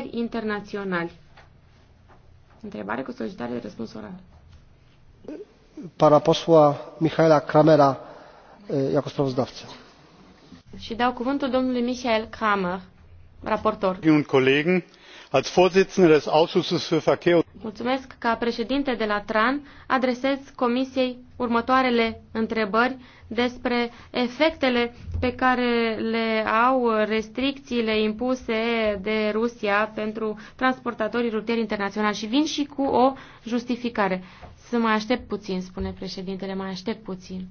parteneri internaționali. Întrebare cu solicitare de răspuns oral. Paraposua Mihaela Kramera jako Și dau cuvântul domnului Michael Kramer, raportor. Kolleginnen und als Vorsitzender des Ausschusses für Verkehr Mulțumesc ca președinte de la TRAN adresez Comisiei următoarele întrebări despre efectele pe care le au restricțiile impuse de Rusia pentru transportatorii rutieri internaționali și vin și cu o justificare. Să mai aștept puțin, spune președintele, mai aștept puțin.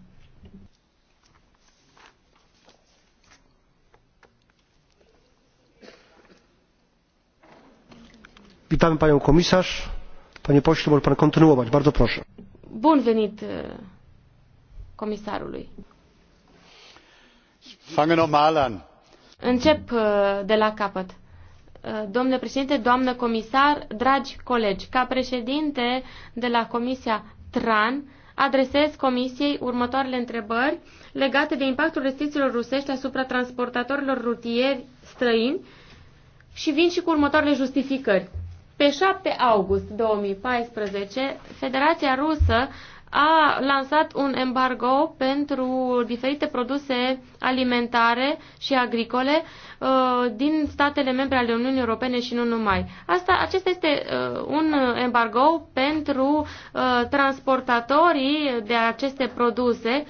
witam panią komisarz. Panie pośle, może pan kontynuować. Bardzo proszę. Bun venit komisarului. Fange normal an. Încep de la capăt. Domnule președinte, doamnă comisar, dragi colegi, ca președinte de la Comisia TRAN, adresez Comisiei următoarele întrebări legate de impactul restricțiilor rusești asupra transportatorilor rutieri străini și vin și cu următoarele justificări. Pe 7 august 2014, Federația Rusă a lansat un embargo pentru diferite produse alimentare și agricole uh, din statele membre ale Uniunii Europene și nu numai. Asta, acesta este uh, un embargo pentru uh, transportatorii de aceste produse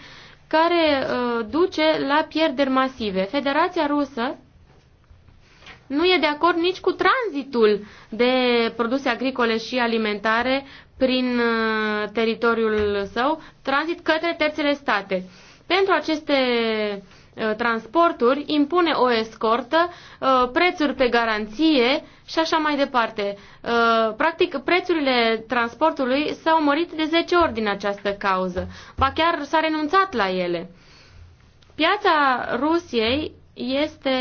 care uh, duce la pierderi masive. Federația Rusă nu e de acord nici cu tranzitul de produse agricole și alimentare prin uh, teritoriul său, tranzit către terțele state. Pentru aceste uh, transporturi impune o escortă, uh, prețuri pe garanție și așa mai departe. Practic, prețurile transportului s-au mărit de 10 ori din această cauză. Ba chiar s-a renunțat la ele. Piața Rusiei este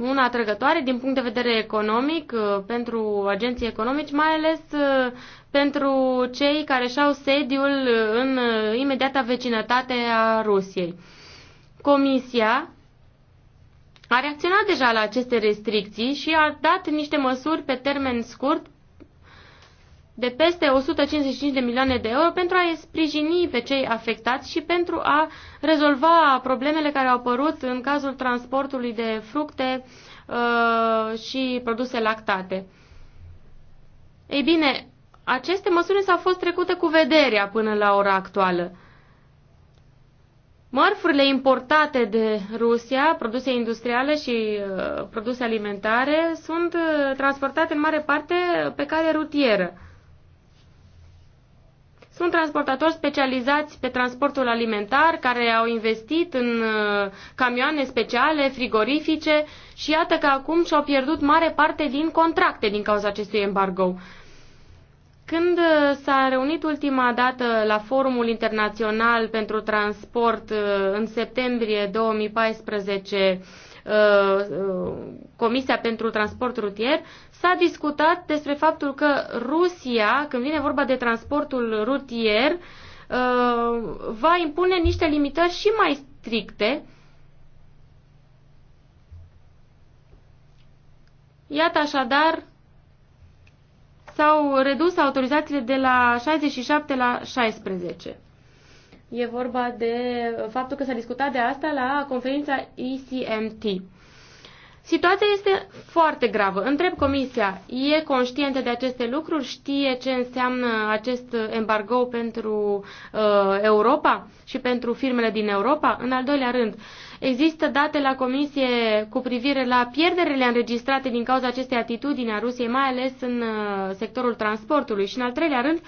una atrăgătoare din punct de vedere economic uh, pentru agenții economici, mai ales uh, pentru cei care și-au sediul în uh, imediata vecinătate a Rusiei. Comisia a reacționat deja la aceste restricții și a dat niște măsuri pe termen scurt de peste 155 de milioane de euro pentru a-i sprijini pe cei afectați și pentru a rezolva problemele care au apărut în cazul transportului de fructe uh, și produse lactate. Ei bine, aceste măsuri s-au fost trecute cu vederea până la ora actuală. Mărfurile importate de Rusia, produse industriale și uh, produse alimentare, sunt uh, transportate în mare parte pe cale rutieră. Sunt transportatori specializați pe transportul alimentar care au investit în uh, camioane speciale, frigorifice și iată că acum și-au pierdut mare parte din contracte din cauza acestui embargo. Când uh, s-a reunit ultima dată la Forumul Internațional pentru Transport uh, în septembrie 2014 Comisia pentru Transport Rutier, S-a discutat despre faptul că Rusia, când vine vorba de transportul rutier, uh, va impune niște limitări și mai stricte. Iată așadar, s-au redus autorizațiile de la 67 la 16. E vorba de faptul că s-a discutat de asta la conferința ECMT. Situația este foarte gravă. Întreb Comisia, e conștientă de aceste lucruri? Știe ce înseamnă acest embargo pentru uh, Europa și pentru firmele din Europa? În al doilea rând, există date la Comisie cu privire la pierderile înregistrate din cauza acestei atitudini a Rusiei, mai ales în uh, sectorul transportului? Și în al treilea rând,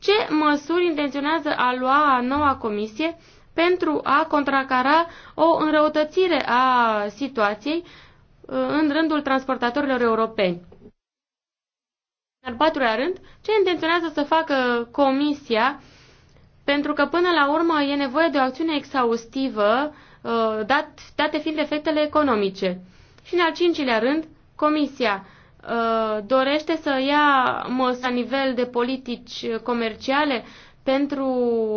ce măsuri intenționează a lua noua Comisie pentru a contracara o înrăutățire a situației în rândul transportatorilor europeni. În al patrulea rând, ce intenționează să facă Comisia pentru că până la urmă e nevoie de o acțiune exhaustivă, uh, dat, date fiind efectele economice. Și în al cincilea rând, Comisia uh, dorește să ia măsuri la nivel de politici comerciale pentru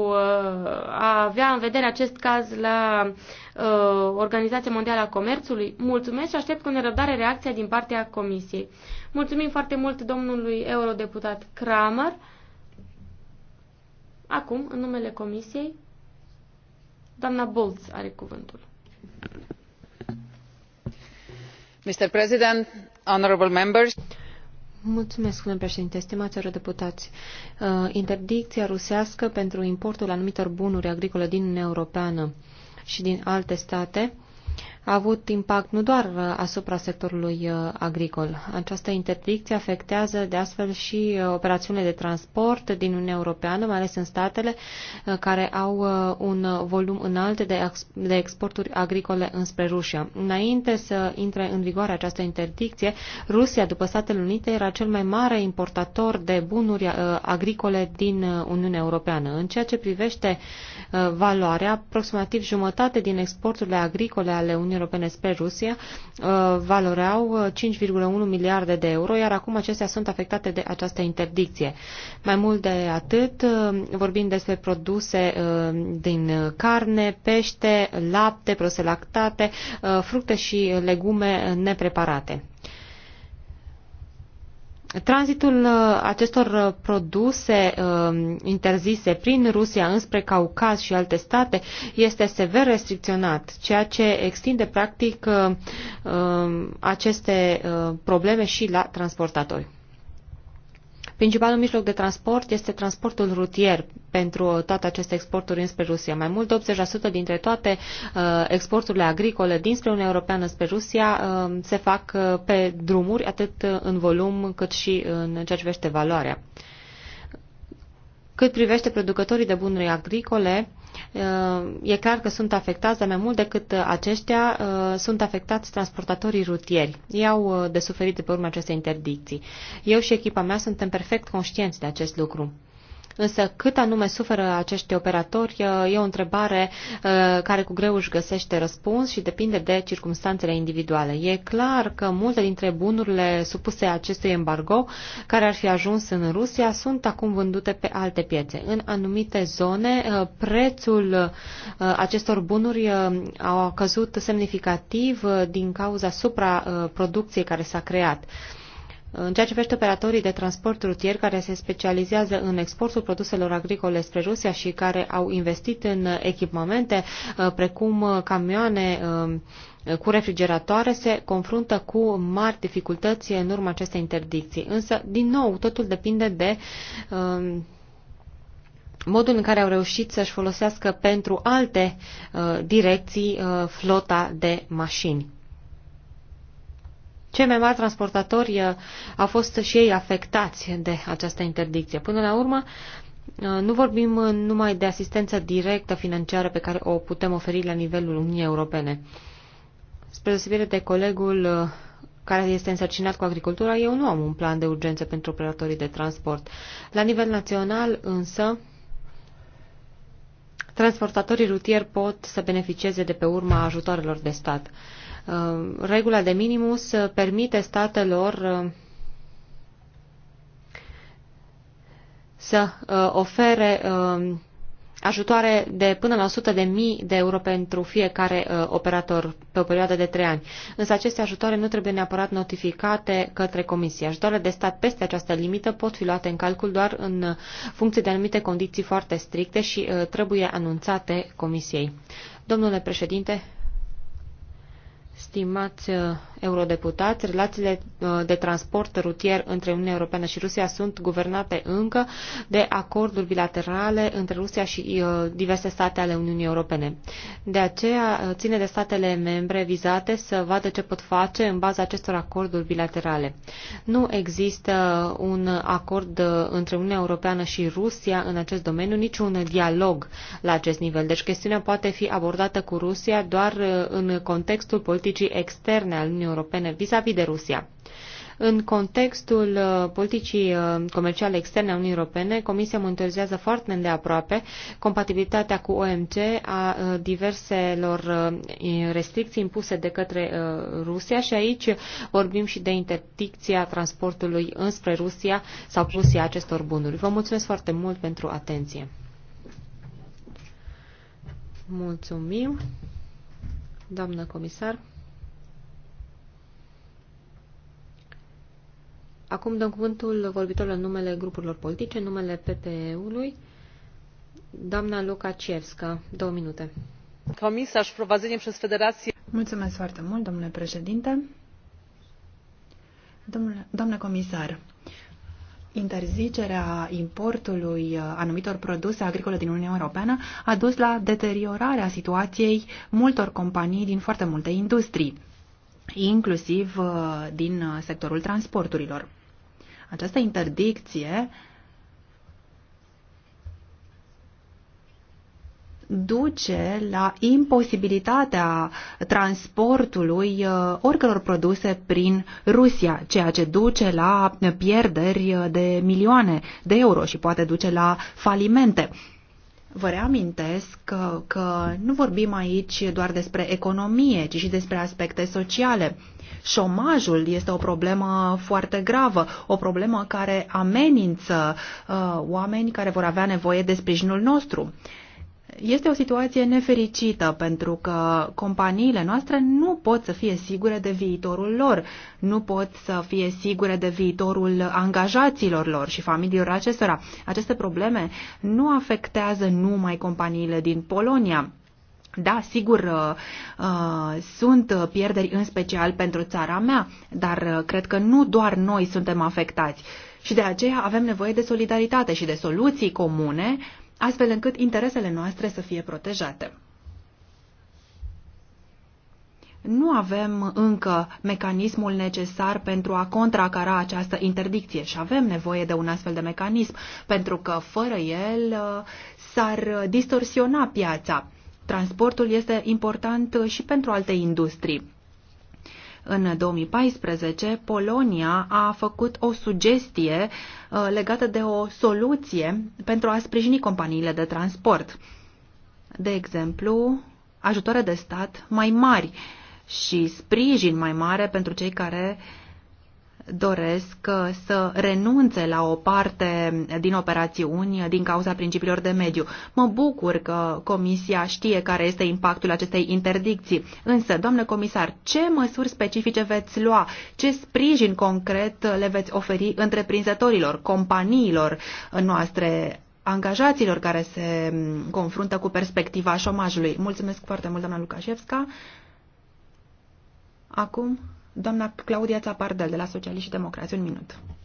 uh, a avea în vedere acest caz la uh, Organizația Mondială a Comerțului. Mulțumesc și aștept cu nerăbdare reacția din partea Comisiei. Mulțumim foarte mult domnului eurodeputat Kramer. Acum, în numele Comisiei, doamna Bolz are cuvântul. Mr. President, honorable members, Mulțumesc, domnule președinte, stimați eurodeputați. Uh, interdicția rusească pentru importul anumitor bunuri agricole din Uniunea Europeană și din alte state a avut impact nu doar uh, asupra sectorului uh, agricol. Această interdicție afectează de astfel și uh, operațiunile de transport din Uniunea Europeană, mai ales în statele care au un volum înalt de exporturi agricole înspre Rusia. Înainte să intre în vigoare această interdicție, Rusia, după Statele Unite, era cel mai mare importator de bunuri agricole din Uniunea Europeană. În ceea ce privește valoarea, aproximativ jumătate din exporturile agricole ale Uniunii Uniunii Europene spre Rusia uh, valoreau 5,1 uh, miliarde de euro, iar acum acestea sunt afectate de această interdicție. Mai mult de atât, uh, vorbim despre produse din carne, pește, lapte, proselactate, fructe și legume nepreparate. Tranzitul uh, acestor uh, produse um, interzise prin Rusia înspre Caucaz și alte state este sever restricționat, ceea ce extinde practic uh, um, aceste probleme și la transportatori. Principalul mijloc de transport este transportul rutier pentru toate aceste exporturi înspre Rusia. Mai mult de 80% dintre toate uh, exporturile agricole dinspre Uniunea Europeană spre Rusia uh, se fac uh, pe drumuri, atât uh, în volum cât și în ceea ce privește valoarea. Cât privește producătorii de bunuri agricole, Uh, e clar că sunt afectați, dar mai mult decât aceștia, uh, sunt afectați transportatorii rutieri. Ei au uh, de suferit de pe urma acestei interdicții. Eu și echipa mea suntem perfect conștienți de acest lucru. Însă cât anume suferă acești operatori e o întrebare care cu greu își găsește răspuns și depinde de circumstanțele individuale. E clar că multe dintre bunurile supuse acestui embargo care ar fi ajuns în Rusia sunt acum vândute pe alte piețe. În anumite zone prețul acestor bunuri a căzut semnificativ din cauza supraproducției care s-a creat. În ceea ce privește operatorii de transport rutier care se specializează în exportul produselor agricole spre Rusia și care au investit în echipamente uh, precum uh, camioane uh, cu refrigeratoare se confruntă cu mari dificultăți în urma acestei interdicții. Însă, din nou, totul depinde de modul în care au reușit să-și folosească pentru alte direcții flota de mașini. Cei mai mari transportatori uh, au fost și ei afectați de această interdicție. Până la urmă, uh, nu vorbim uh, numai de asistență directă financiară pe care o putem oferi la nivelul Uniunii Europene. Spre deosebire de colegul care este însărcinat cu agricultura, eu nu am un plan de urgență pentru operatorii de transport. La nivel național, însă, transportatorii rutieri pot să beneficieze de pe urma ajutoarelor de stat. Uh, regula de minimus uh, permite statelor uh, să ofere ajutoare de până la 100.000 de de euro pentru fiecare uh, operator pe o perioadă de 3 ani. Însă aceste ajutoare nu trebuie neapărat notificate către comisie. Ajutoarele de stat peste această limită pot fi luate în calcul doar în funcție de anumite condiții foarte stricte și uh, trebuie anunțate comisiei. Domnule președinte, Stimați uh, eurodeputați, relațiile uh, de transport rutier între Uniunea Europeană și Rusia sunt guvernate încă de acorduri bilaterale între Rusia și uh, diverse state ale Uniunii Europene. De aceea ține de statele membre vizate să vadă ce pot face în baza acestor acorduri bilaterale. Nu există un acord între Uniunea Europeană și Rusia în acest domeniu, niciun dialog la acest nivel. Deci chestiunea poate fi abordată cu Rusia doar în contextul politic politicii externe al Uniunii Europene vis-a-vis -vis de Rusia. În contextul uh, politicii uh, comerciale externe a Uniunii Europene, Comisia monitorizează foarte îndeaproape compatibilitatea cu OMC a uh, diverselor restricții impuse de către Rusia și aici vorbim și de interdicția transportului înspre Rusia sau Rusia acestor bunuri. Vă mulțumesc foarte mult pentru atenție. Mulțumim, doamnă comisar. Acum dăm cuvântul vorbitorilor numele grupurilor politice, numele PPE-ului. Doamna Lukaciewska, două minute. Comisar, prowadzenie przez Federație. Mulțumesc foarte mult, domnule președinte. Domnule, doamnă comisar, interzicerea importului uh, anumitor produse agricole din Uniunea Europeană a dus la deteriorarea situației multor companii din foarte multe industrii inclusiv uh, din uh, sectorul transporturilor. Această interdicție duce la imposibilitatea transportului uh, oricăror produse prin Rusia, ceea ce duce la pierderi de milioane de euro și poate duce la falimente. Vă reamintesc că, că nu vorbim aici doar despre economie, ci și despre aspecte sociale. Șomajul este o problemă foarte gravă, o problemă care amenință uh, oameni care vor avea nevoie de sprijinul nostru. Uh, este o situație nefericită pentru că companiile noastre nu pot să fie sigure de viitorul lor, nu pot să fie sigure de viitorul angajaților lor și familiilor acestora. Aceste probleme nu afectează numai companiile din Polonia. Da, sigur, uh, uh, sunt pierderi în special pentru țara mea, dar uh, cred că nu doar noi suntem afectați. Și de aceea avem nevoie de solidaritate și de soluții comune uh, astfel încât interesele noastre să fie protejate. Nu avem încă mecanismul necesar pentru a contracara această interdicție și avem nevoie de un astfel de mecanism, pentru că fără el uh, s-ar distorsiona piața. Transportul este important și pentru alte industrii. În 2014, Polonia a făcut o sugestie uh, legată de o soluție pentru a sprijini companiile de transport. De exemplu, ajutoare de stat mai mari și sprijin mai mare pentru cei care uh, doresc uh, să renunțe la o parte din operațiuni din cauza principiilor de mediu. Mă bucur că Comisia știe care este impactul acestei interdicții. Însă, doamnă comisar, ce măsuri specifice veți lua? Ce sprijin concret le veți oferi întreprinzătorilor, companiilor noastre, angajaților care se confruntă cu perspectiva șomajului? Mulțumesc foarte mult, doamna Lukașevska. Acum Doamna Claudia Țapardel, de la Socialiști și Democrați, un minut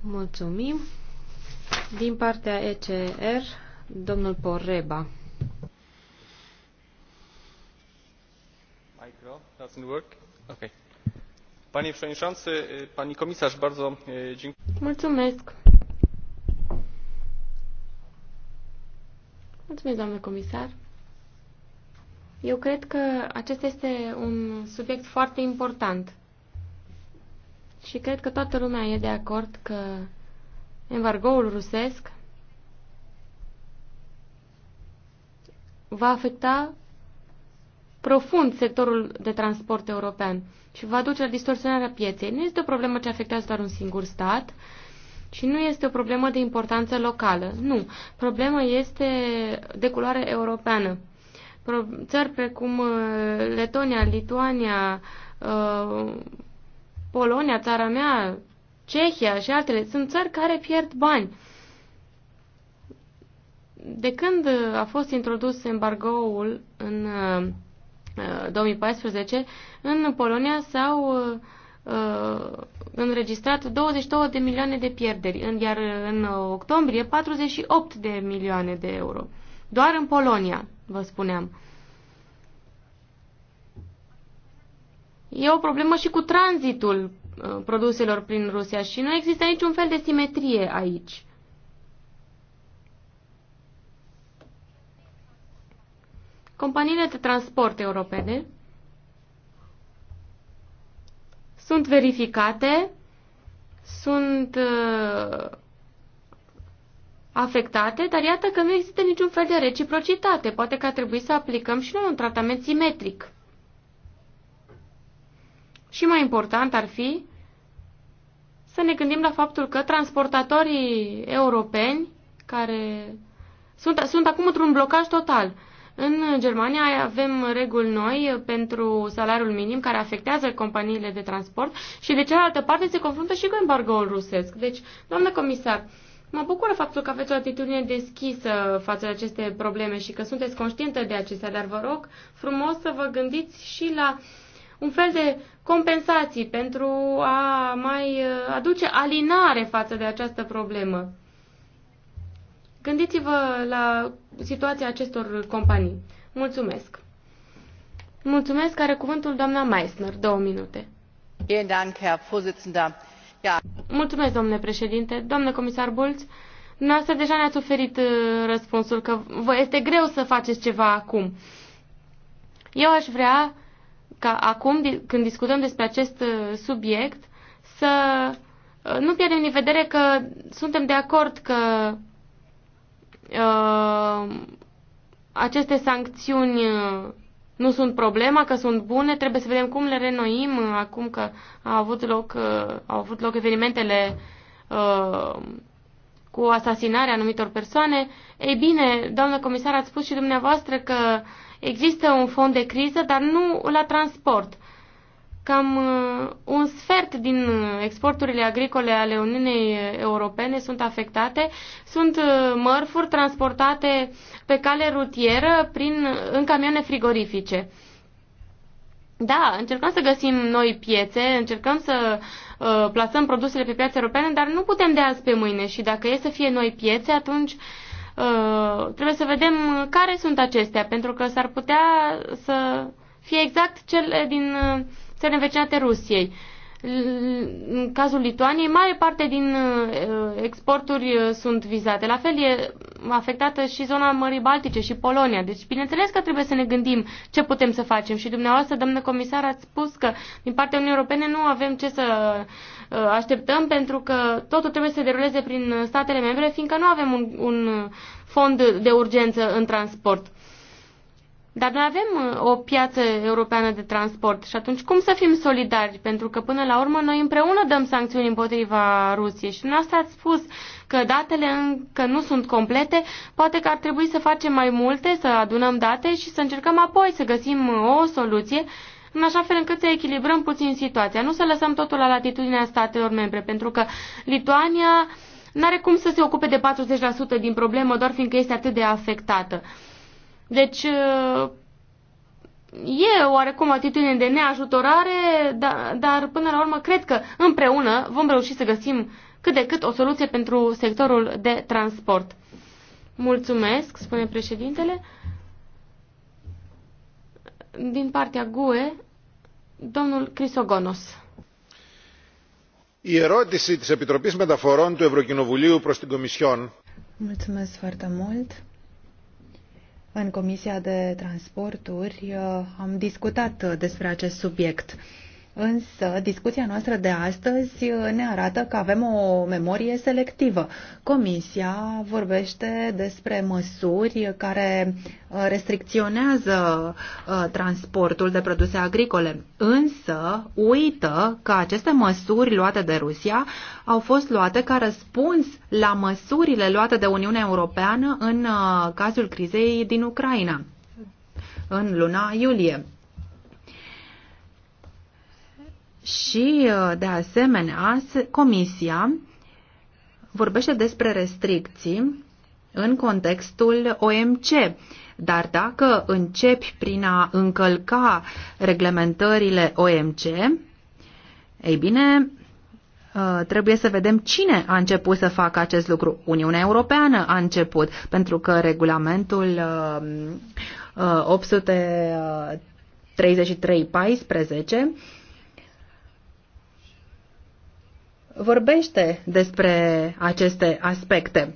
Mulțumim. Din partea ECR, domnul Porreba. Micro, doesn't work. Okay. Panie Przewodniczący, Pani Komisarz, bardzo dziękuję. Mulțumesc. Mulțumesc, doamnă comisar. Eu cred că acesta este un subiect foarte important. Și cred că toată lumea e de acord că embargoul rusesc va afecta profund sectorul de transport european și va duce la distorsionarea pieței. Nu este o problemă ce afectează doar un singur stat și nu este o problemă de importanță locală. Nu. Problema este de culoare europeană. Țări precum uh, Letonia, Lituania, uh, Polonia, țara mea, Cehia și altele, sunt țări care pierd bani. De când a fost introdus embargoul în 2014, uh, în Polonia s-au uh, înregistrat 22 de milioane de pierderi, iar în octombrie 48 de milioane de euro. Doar în Polonia, vă spuneam. E o problemă și cu tranzitul uh, produselor prin Rusia și nu există niciun fel de simetrie aici. Companiile de transport europene sunt verificate, sunt uh, afectate, dar iată că nu există niciun fel de reciprocitate. Poate că ar trebui să aplicăm și noi un tratament simetric. Și mai important ar fi să ne gândim la faptul că transportatorii europeni care sunt, sunt acum într-un blocaj total. În Germania avem reguli noi pentru salariul minim care afectează companiile de transport și de cealaltă parte se confruntă și cu embargoul rusesc. Deci, doamnă comisar, mă bucură faptul că aveți o atitudine deschisă față de aceste probleme și că sunteți conștientă de acestea, dar vă rog frumos să vă gândiți și la uh, un fel de compensații pentru a mai uh, aduce alinare față de această problemă. Gândiți-vă la situația acestor companii. Mulțumesc! Mulțumesc, are cuvântul doamna Meissner, două minute. Mulțumesc, domnule președinte. Doamnă comisar Bulț, dumneavoastră deja ne-ați oferit uh, răspunsul că vă este greu să faceți ceva acum. Eu aș vrea ca acum, când discutăm despre acest uh, subiect, să uh, nu pierdem din vedere că suntem de acord că uh, aceste sancțiuni uh, nu sunt problema, că sunt bune, trebuie să vedem cum le renoim acum că au avut loc, uh, au avut loc evenimentele uh, cu asasinarea anumitor persoane. Ei bine, doamnă comisar, ați spus și dumneavoastră că uh, Există un fond de criză, dar nu la transport. Cam uh, un sfert din uh, exporturile agricole ale Uniunii Europene sunt afectate. Sunt uh, mărfuri transportate pe cale rutieră prin, în camioane frigorifice. Da, încercăm să găsim noi piețe, încercăm să uh, plasăm produsele pe piața europeană, dar nu putem de azi pe mâine și dacă e să fie noi piețe, atunci uh, Uh, trebuie să vedem care sunt acestea, pentru că s-ar putea să fie exact cele din țările uh, învecinate Rusiei. În cazul Lituaniei, mare parte din uh, exporturi sunt vizate. La fel e afectată și zona Mării Baltice și Polonia. Deci, bineînțeles că trebuie să ne gândim ce putem să facem. Și dumneavoastră, domnule comisar, ați spus că din partea Uniunii Europene nu avem ce să Uh, așteptăm pentru că totul trebuie să se deruleze prin statele membre, fiindcă nu avem un, un fond de urgență în transport. Dar noi avem uh, o piață europeană de transport și atunci cum să fim solidari? Pentru că până la urmă noi împreună dăm sancțiuni împotriva Rusiei și dumneavoastră ați spus că datele încă nu sunt complete, poate că ar trebui să facem mai multe, să adunăm date și să încercăm apoi să găsim uh, o soluție în așa fel încât să echilibrăm puțin situația. Nu să lăsăm totul la latitudinea statelor membre, pentru că Lituania nu are cum să se ocupe de 40% din problemă, doar fiindcă este atât de afectată. Deci, uh, e oarecum o atitudine de neajutorare, dar, dar până la urmă cred că împreună vom reuși să găsim cât de cât o soluție pentru sectorul de transport. Mulțumesc, spune președintele din partea GUE, domnul Crisogonos. Η ερώτηση της Επιτροπής Μεταφορών του Ευρωκοινοβουλίου προς την Κομισιόν. Mulțumesc foarte mult. În Comisia de Transporturi uh, am discutat uh, despre acest subiect. Însă, discuția noastră de astăzi ne arată că avem o memorie selectivă. Comisia vorbește despre măsuri care uh, restricționează uh, transportul de produse agricole, însă uită că aceste măsuri luate de Rusia au fost luate ca răspuns la măsurile luate de Uniunea Europeană în uh, cazul crizei din Ucraina în luna iulie. Și, uh, de asemenea, Comisia vorbește despre restricții în contextul OMC. Dar dacă începi prin a încălca reglementările OMC, ei bine, uh, trebuie să vedem cine a început să facă acest lucru. Uniunea Europeană a început, pentru că regulamentul 833 uh, 14 vorbește despre aceste aspecte.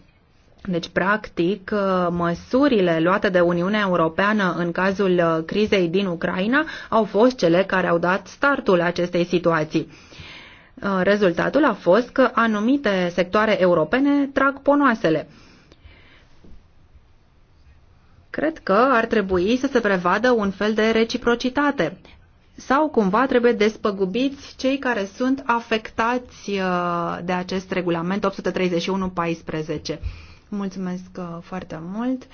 Deci, practic, măsurile luate de Uniunea Europeană în cazul crizei din Ucraina au fost cele care au dat startul acestei situații. Rezultatul a fost că anumite sectoare europene trag ponoasele. Cred că ar trebui să se prevadă un fel de reciprocitate sau cumva trebuie despăgubiți cei care sunt afectați uh, de acest regulament 831-14. Mulțumesc uh, foarte mult.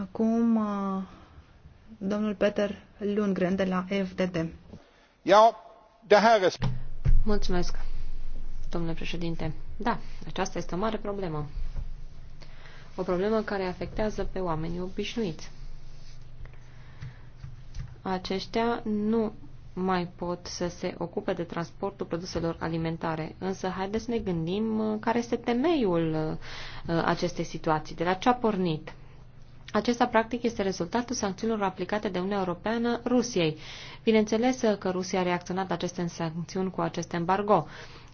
Acum, uh, domnul Peter Lundgren de la FDD. Mulțumesc, domnule președinte. Da, aceasta este o mare problemă. O problemă care afectează pe oamenii obișnuiți aceștia nu mai pot să se ocupe de transportul produselor alimentare. Însă, haideți să ne gândim uh, care este temeiul uh, uh, acestei situații, de la ce a pornit. Acesta, practic, este rezultatul sancțiunilor aplicate de Uniunea Europeană Rusiei. Bineînțeles că Rusia a reacționat aceste sancțiuni cu acest embargo.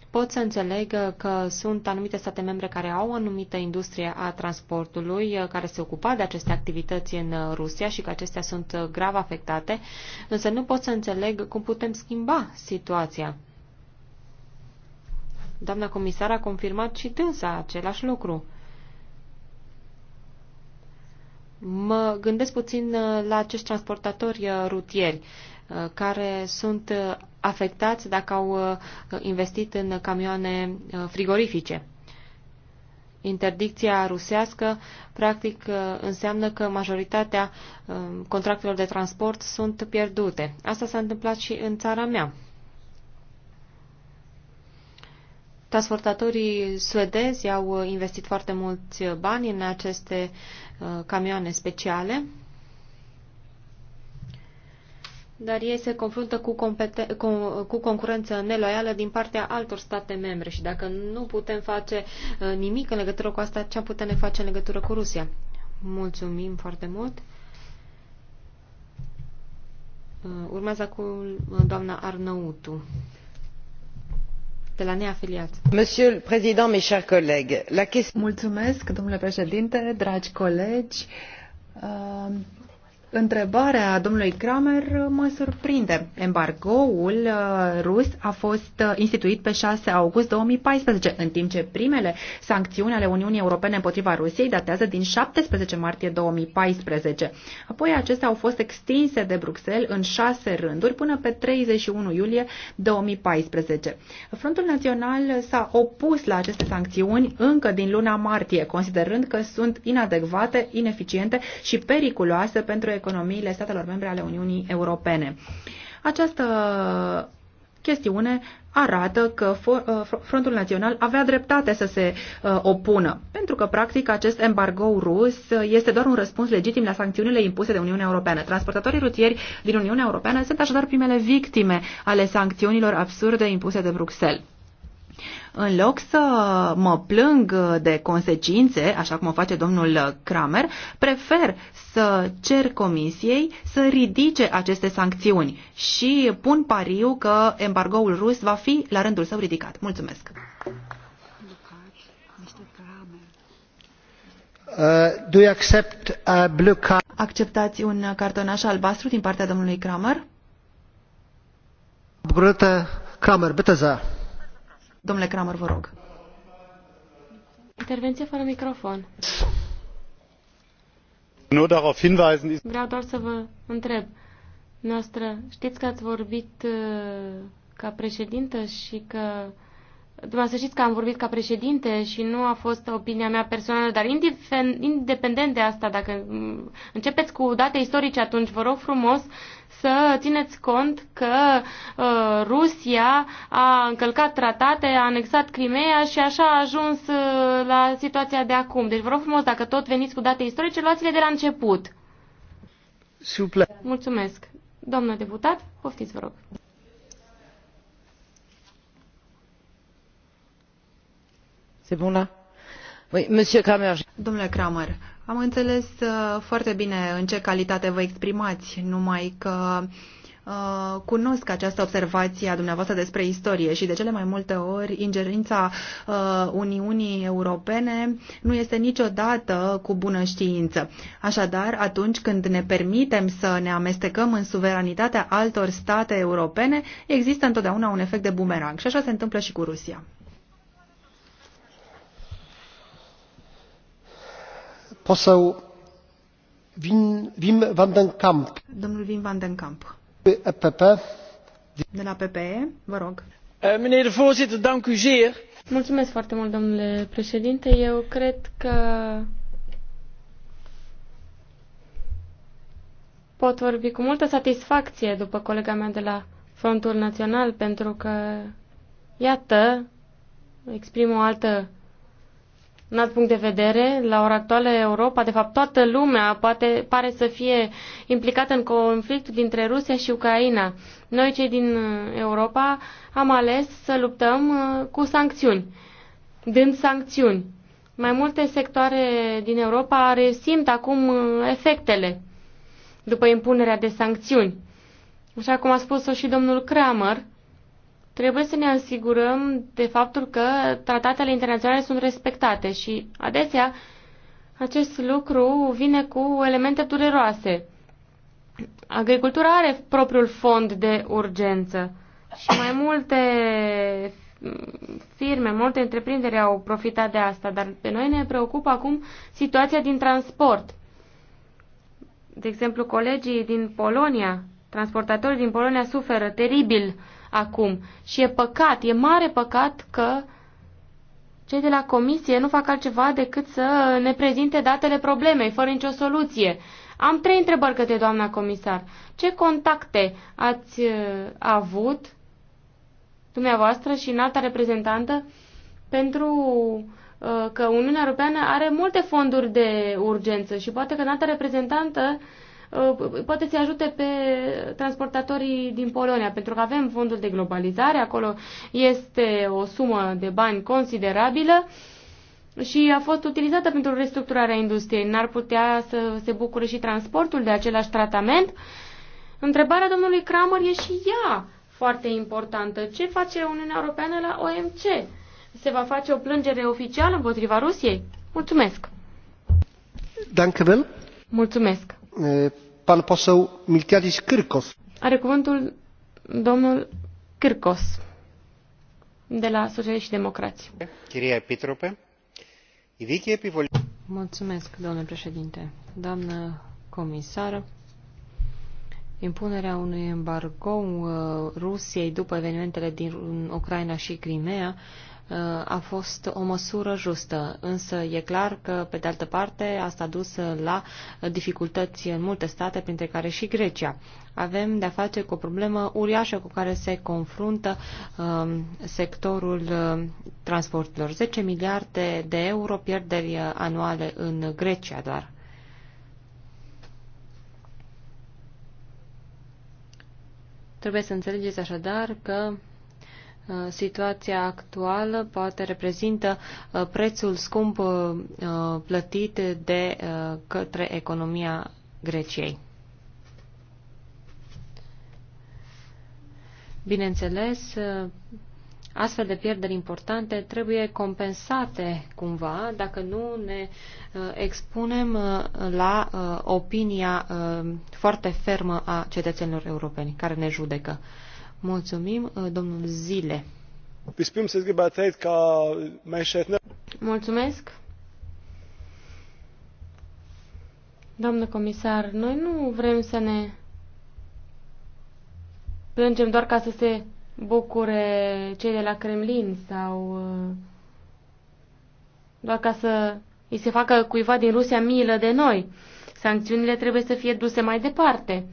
Pot să înțeleg că sunt anumite state membre care au o anumită industrie a transportului uh, care se ocupa de aceste activități în uh, Rusia și că acestea sunt uh, grav afectate, însă nu pot să înțeleg cum putem schimba situația. Doamna comisar a confirmat și dânsa același lucru. Mă gândesc puțin la acești transportatori rutieri. Uh, care sunt uh, afectați dacă au uh, investit în camioane frigorifice. Interdicția rusească, practic, înseamnă că majoritatea contractelor de transport sunt pierdute. Asta s-a întâmplat și în țara mea. Transportatorii suedezi au investit foarte mulți bani în aceste camioane speciale dar ei se confruntă cu, cu, cu concurență neloială din partea altor state membre și dacă nu putem face uh, nimic în legătură cu asta, ce am putea ne face în legătură cu Rusia? Mulțumim foarte mult! Uh, urmează cu uh, doamna Arnautu de la neafiliați. Monsieur le Président, mes chers collègues, la question... Mulțumesc, domnule președinte, dragi colegi. Uh Întrebarea domnului Kramer mă surprinde. Embargoul uh, rus a fost uh, instituit pe 6 august 2014, în timp ce primele sancțiuni ale Uniunii Europene împotriva Rusiei datează din 17 martie 2014. Apoi acestea au fost extinse de Bruxelles în șase rânduri până pe 31 iulie 2014. Frontul Național s-a opus la aceste sancțiuni încă din luna martie, considerând că sunt inadecvate, ineficiente și periculoase pentru economiile statelor membre ale Uniunii Europene. Această chestiune arată că uh, Frontul Național avea dreptate să se uh, opună, pentru că, practic, acest embargo rus uh, este doar un răspuns legitim la sancțiunile impuse de Uniunea Europeană. Transportatorii rutieri din Uniunea Europeană sunt așadar primele victime ale sancțiunilor absurde impuse de Bruxelles. În loc să mă plâng de consecințe, așa cum o face domnul Kramer, prefer să cer comisiei să ridice aceste sancțiuni și pun pariu că embargoul rus va fi la rândul său ridicat. Mulțumesc! Uh, do you accept a blue card? Acceptați un cartonaș albastru din partea domnului Kramer? Brătă, Kramer, bitte sehr. Domnule Kramer, vă rog. Intervenție fără microfon. Nur darauf hinweisen Vreau doar să vă întreb. Noastră, știți că ați vorbit uh, ca președintă și că Dumneavoastră știți că am vorbit ca președinte și nu a fost opinia mea personală, dar independent de asta, dacă mm, începeți cu date istorice, atunci vă rog frumos să țineți cont că uh, Rusia a încălcat tratate, a anexat Crimea și așa a ajuns uh, la situația de acum. Deci vă rog frumos, dacă tot veniți cu date istorice, luați-le de la început. Suple. Mulțumesc. Domnul deputat, poftiți, vă rog. domnule cramer am înțeles uh, foarte bine în ce calitate vă exprimați numai că uh, cunosc această observație a dumneavoastră despre istorie și de cele mai multe ori ingerința uh, Uniunii Europene nu este niciodată cu bună știință. Așadar, atunci când ne permitem să ne amestecăm în suveranitatea altor state europene, există întotdeauna un efect de bumerang și așa se întâmplă și cu Rusia. Wim, Domnul Wim van De la PPE, vă rog. Eh, voorzitter, dank u zeer. Mulțumesc foarte mult, domnule președinte. Eu cred că pot vorbi cu multă satisfacție după colega mea de la Frontul Național, pentru că, iată, exprim o altă un alt punct de vedere, la ora actuală Europa, de fapt toată lumea poate, pare să fie implicată în conflictul dintre Rusia și Ucraina. Noi cei din Europa am ales să luptăm uh, cu sancțiuni, dând sancțiuni. Mai multe sectoare din Europa resimt acum uh, efectele după impunerea de sancțiuni. Așa cum a spus-o și domnul Kramer, trebuie să ne asigurăm de faptul că tratatele internaționale sunt respectate și adesea acest lucru vine cu elemente dureroase. Agricultura are propriul fond de urgență și mai multe firme, multe întreprinderi au profitat de asta, dar pe noi ne preocupă acum situația din transport. De exemplu, colegii din Polonia, transportatorii din Polonia suferă teribil uh, acum. Și e păcat, e mare păcat că cei de la comisie nu fac altceva decât să ne prezinte datele problemei, fără nicio soluție. Am trei întrebări către doamna comisar. Ce contacte ați uh, avut, dumneavoastră și înalta reprezentantă, pentru uh, că Uniunea Europeană are multe fonduri de urgență și poate că înalta reprezentantă Uh, poate să ajute pe transportatorii din Polonia, pentru că avem fondul de globalizare, acolo este o sumă de bani considerabilă și a fost utilizată pentru restructurarea industriei. N-ar putea să se bucure și transportul de același tratament? Întrebarea domnului Kramer e și ea foarte importantă. Ce face Uniunea Europeană la OMC? Se va face o plângere oficială împotriva Rusiei? Mulțumesc! Danke Mulțumesc! Miltiadis Kyrkos. Are cuvântul domnul Kyrkos de la Socialiști și Democrați. Mulțumesc, domnule președinte. Doamnă comisară, impunerea unui embargo uh, Rusiei după evenimentele din Ucraina și Crimea Uh, a fost o măsură justă, însă e clar că, pe de altă parte, asta a dus la dificultăți în multe state, printre care și Grecia. Avem de-a face cu o problemă uriașă cu care se confruntă um, sectorul um, transporturilor. 10 miliarde de euro pierderi uh, anuale în Grecia doar. Trebuie să înțelegeți așadar că Uh, situația actuală poate reprezintă uh, prețul scump uh, plătit de către economia Greciei. Bineînțeles, astfel de pierderi importante trebuie compensate cumva dacă nu ne expunem la opinia foarte fermă a cetățenilor europeni care ne judecă. Mulțumim, uh, domnul Zile. Mulțumesc. Doamnă comisar, noi nu vrem să ne plângem doar ca să se bucure cei de la Kremlin sau uh, doar ca să îi se facă cuiva din Rusia milă de noi. Sancțiunile trebuie să fie duse mai departe.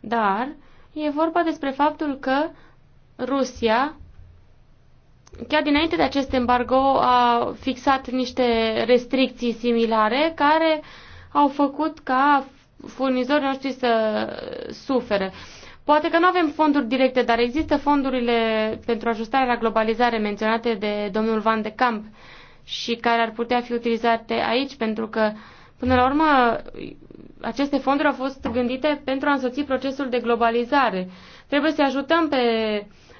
Dar E vorba despre faptul că Rusia, chiar dinainte de acest embargo, a fixat niște restricții similare care au făcut ca furnizorii noștri să sufere. Poate că nu avem fonduri directe, dar există fondurile pentru ajustarea la globalizare menționate de domnul Van de Camp și care ar putea fi utilizate aici, pentru că, până la urmă, aceste fonduri au fost gândite pentru a însoți procesul de globalizare. Trebuie să ajutăm pe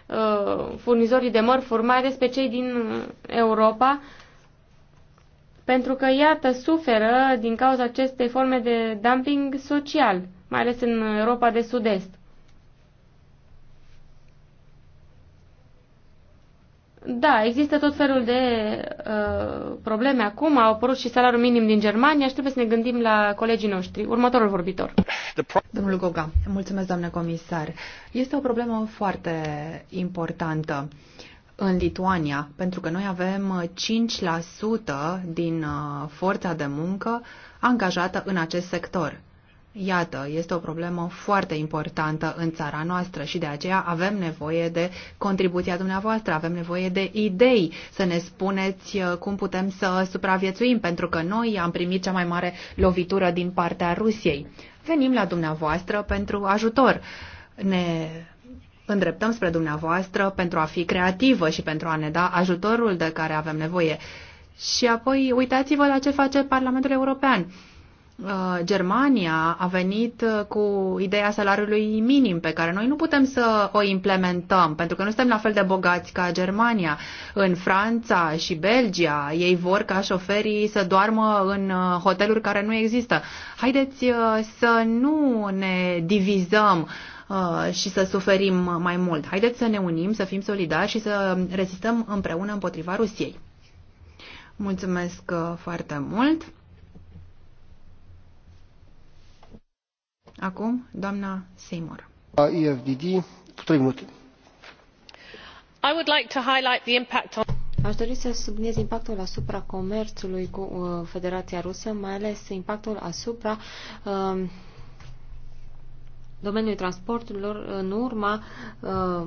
uh, furnizorii de mărfuri, mai ales pe cei din Europa, pentru că, iată, suferă din cauza acestei forme de dumping social, mai ales în Europa de Sud-Est. Da, există tot felul de uh, probleme acum. Au apărut și salariul minim din Germania și trebuie să ne gândim la colegii noștri. Următorul vorbitor. Domnul Goga, mulțumesc, doamnă comisar. Este o problemă foarte importantă în Lituania, pentru că noi avem 5% din uh, forța de muncă angajată în acest sector. Iată, este o problemă foarte importantă în țara noastră și de aceea avem nevoie de contribuția dumneavoastră, avem nevoie de idei să ne spuneți uh, cum putem să supraviețuim, pentru că noi am primit cea mai mare lovitură din partea Rusiei. Venim la dumneavoastră pentru ajutor. Ne îndreptăm spre dumneavoastră pentru a fi creativă și pentru a ne da ajutorul de care avem nevoie. Și apoi uitați-vă la ce face Parlamentul European Uh, Germania a venit uh, cu ideea salariului minim pe care noi nu putem să o implementăm pentru că nu suntem la fel de bogați ca Germania. În Franța și Belgia ei vor ca șoferii să doarmă în uh, hoteluri care nu există. Haideți să nu ne divizăm și să suferim mai mult. Haideți să ne unim, să fim solidari și să rezistăm împreună împotriva Rusiei. Mulțumesc foarte mult! Acum, doamna Seymour. EFDD, 3 minute. I would like to highlight the impact on Aș dori să subliniez impactul asupra comerțului cu uh, Federația Rusă, mai ales impactul asupra uh, domeniului transporturilor în urma uh,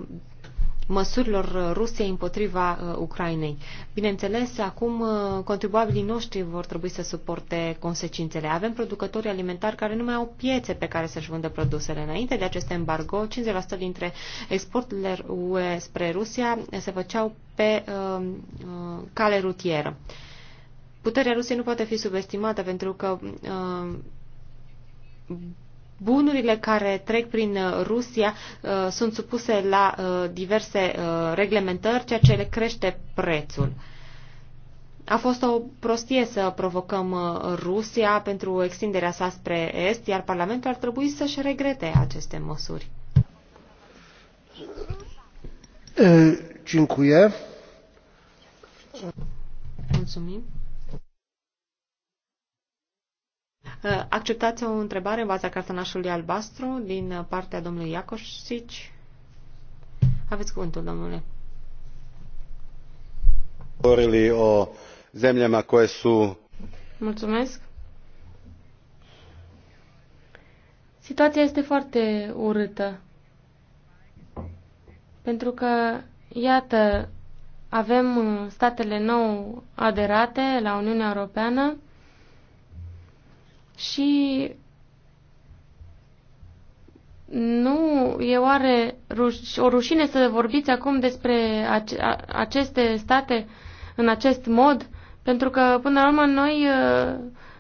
măsurilor Rusiei împotriva uh, Ucrainei. Bineînțeles, acum uh, contribuabilii noștri vor trebui să suporte consecințele. Avem producători alimentari care nu mai au piețe pe care să-și vândă produsele. Înainte de acest embargo, 50% dintre exporturile UE spre Rusia se făceau pe uh, uh, cale rutieră. Puterea Rusiei nu poate fi subestimată pentru că uh, bunurile care trec prin uh, Rusia uh, sunt supuse la uh, diverse reglementări, ceea ce le crește prețul. A fost o prostie să provocăm Rusia pentru extinderea sa spre Est, iar Parlamentul ar trebui să-și regrete aceste măsuri. Cincuie. Mulțumim. Uh, acceptați o întrebare în baza cartonașului albastru din partea domnului Iacoșici? Aveți cuvântul, domnule. Vorili o zemljama koje su... Mulțumesc. Situația este foarte urâtă. Pentru că, iată, avem statele nou aderate la Uniunea Europeană, și nu e oare ruș- o rușine să vorbiți acum despre ace- a- aceste state în acest mod? Pentru că, până la urmă, noi,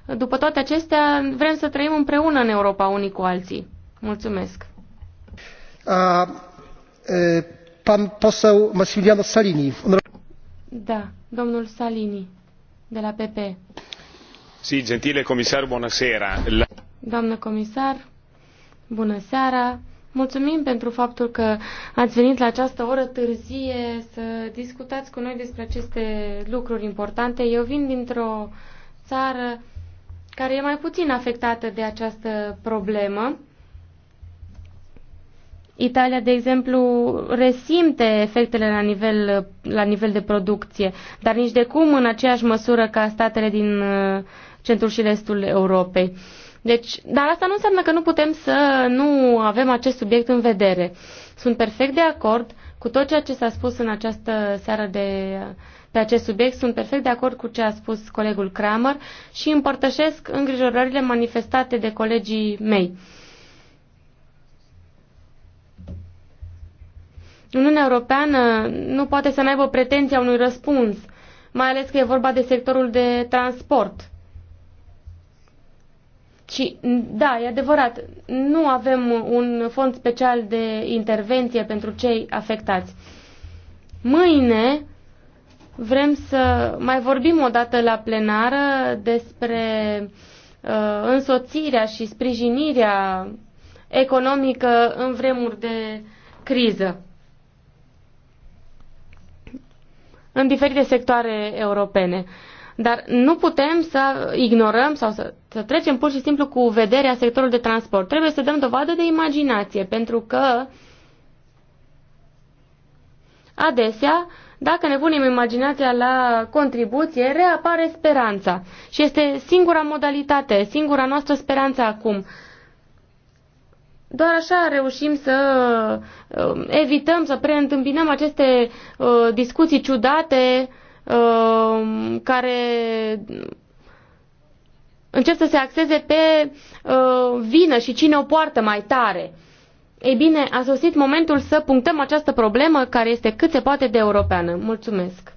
ă, după toate acestea, vrem să trăim împreună în Europa, unii cu alții. Mulțumesc. A, e, pan poseu Massimiliano Salini. Da, domnul Salini, de la PP gentile comisar, bună seara. La... Doamnă comisar, bună seara. Mulțumim pentru faptul că ați venit la această oră târzie să discutați cu noi despre aceste lucruri importante. Eu vin dintr-o țară care e mai puțin afectată de această problemă. Italia, de exemplu, resimte efectele la nivel, la nivel de producție, dar nici de cum în aceeași măsură ca statele din centrul și restul Europei. Deci, dar asta nu înseamnă că nu putem să nu avem acest subiect în vedere. Sunt perfect de acord cu tot ceea ce s-a spus în această seară de, pe acest subiect. Sunt perfect de acord cu ce a spus colegul Kramer și împărtășesc îngrijorările manifestate de colegii mei. Uniunea Europeană nu poate să aibă pretenția unui răspuns, mai ales că e vorba de sectorul de transport. Ci, da, e adevărat, nu avem un fond special de intervenție pentru cei afectați. Mâine vrem să mai vorbim o dată la plenară despre uh, însoțirea și sprijinirea economică în vremuri de criză în diferite sectoare europene. Dar nu putem să ignorăm sau să, să trecem pur și simplu cu vederea sectorul de transport. Trebuie să dăm dovadă de imaginație, pentru că adesea, dacă ne punem imaginația la contribuție, reapare speranța. Și este singura modalitate, singura noastră speranță acum. Doar așa reușim să um, evităm, să preîntâmpinăm aceste uh, discuții ciudate, Um, care încep să se axeze pe uh, vină și cine o poartă mai tare. Ei bine, a sosit momentul să punctăm această problemă care este cât se poate de europeană. Mulțumesc!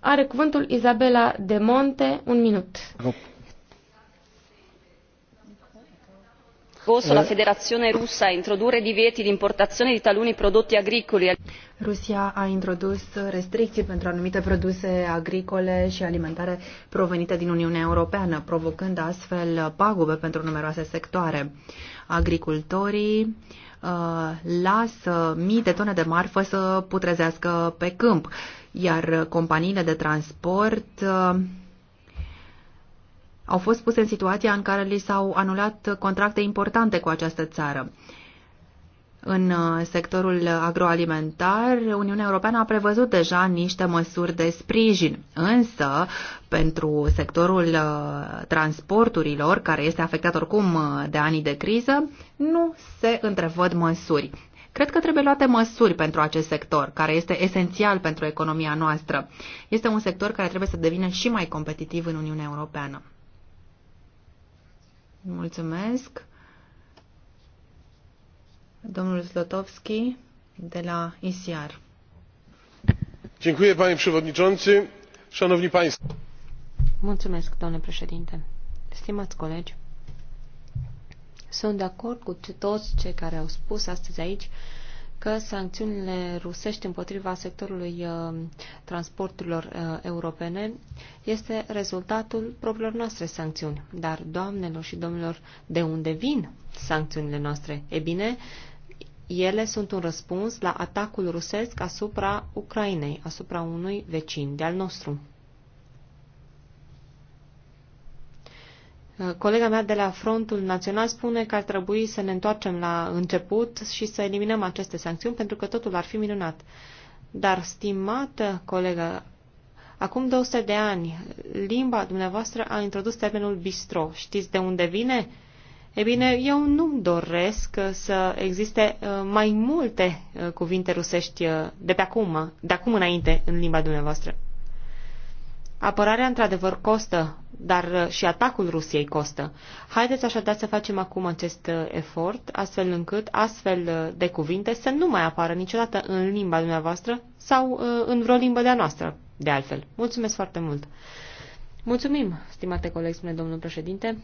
Are cuvântul Izabela de Monte, un minut. Rup. scorso la eh. federazione russa a introdurre divieti di importazione di taluni prodotti agricoli. Rusia a introdus restricții pentru anumite produse agricole și alimentare provenite din Uniunea Europeană, provocând astfel pagube pentru numeroase sectoare. Agricultorii uh, lasă mii de tone de marfă să putrezească pe câmp, iar companiile de transport uh, au fost puse în situația în care li s-au anulat contracte importante cu această țară. În uh, sectorul agroalimentar, Uniunea Europeană a prevăzut deja niște măsuri de sprijin, însă pentru sectorul uh, transporturilor, care este afectat oricum uh, de anii de criză, nu se întrevăd măsuri. Cred că trebuie luate măsuri pentru acest sector, care este esențial pentru economia noastră. Este un sector care trebuie să devină și mai competitiv în Uniunea Europeană. Mulțumesc. Domnul Slotowski de la ICR. Dziękuję panie przewodniczący. Szanowni państwo. Mulțumesc, domnule președinte. Stimați colegi, sunt de acord cu toți cei care au spus astăzi aici că sancțiunile rusești împotriva sectorului uh, transporturilor uh, europene este rezultatul propriilor noastre sancțiuni. Dar, doamnelor și domnilor, de unde vin sancțiunile noastre? E bine, ele sunt un răspuns la atacul rusesc asupra Ucrainei, asupra unui vecin de-al nostru. Colega mea de la Frontul Național spune că ar trebui să ne întoarcem la început și să eliminăm aceste sancțiuni pentru că totul ar fi minunat. Dar, stimată colegă, acum 200 de ani, limba dumneavoastră a introdus termenul bistro. Știți de unde vine? E bine, eu nu doresc să existe uh, mai multe uh, cuvinte rusești uh, de pe acum, de acum înainte, în limba dumneavoastră. Apărarea, într-adevăr, costă dar uh, și atacul Rusiei costă. Haideți așadar să facem acum acest uh, efort, astfel încât astfel uh, de cuvinte să nu mai apară niciodată în limba dumneavoastră sau în vreo limbă de-a noastră, de altfel. Mulțumesc foarte mult! Mulțumim, stimate coleg, spune domnul președinte.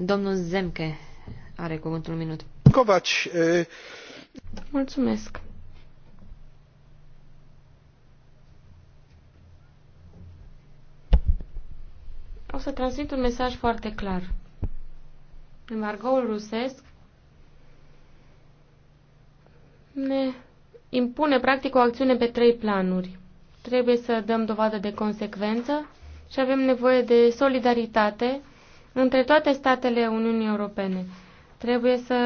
Domnul Zemke are cuvântul un minut. Covaci. Mulțumesc. O să transmit un mesaj foarte clar. Embargoul rusesc ne impune practic o acțiune pe trei planuri. Trebuie să dăm dovadă de consecvență și avem nevoie de solidaritate între toate statele Uniunii Europene. Trebuie să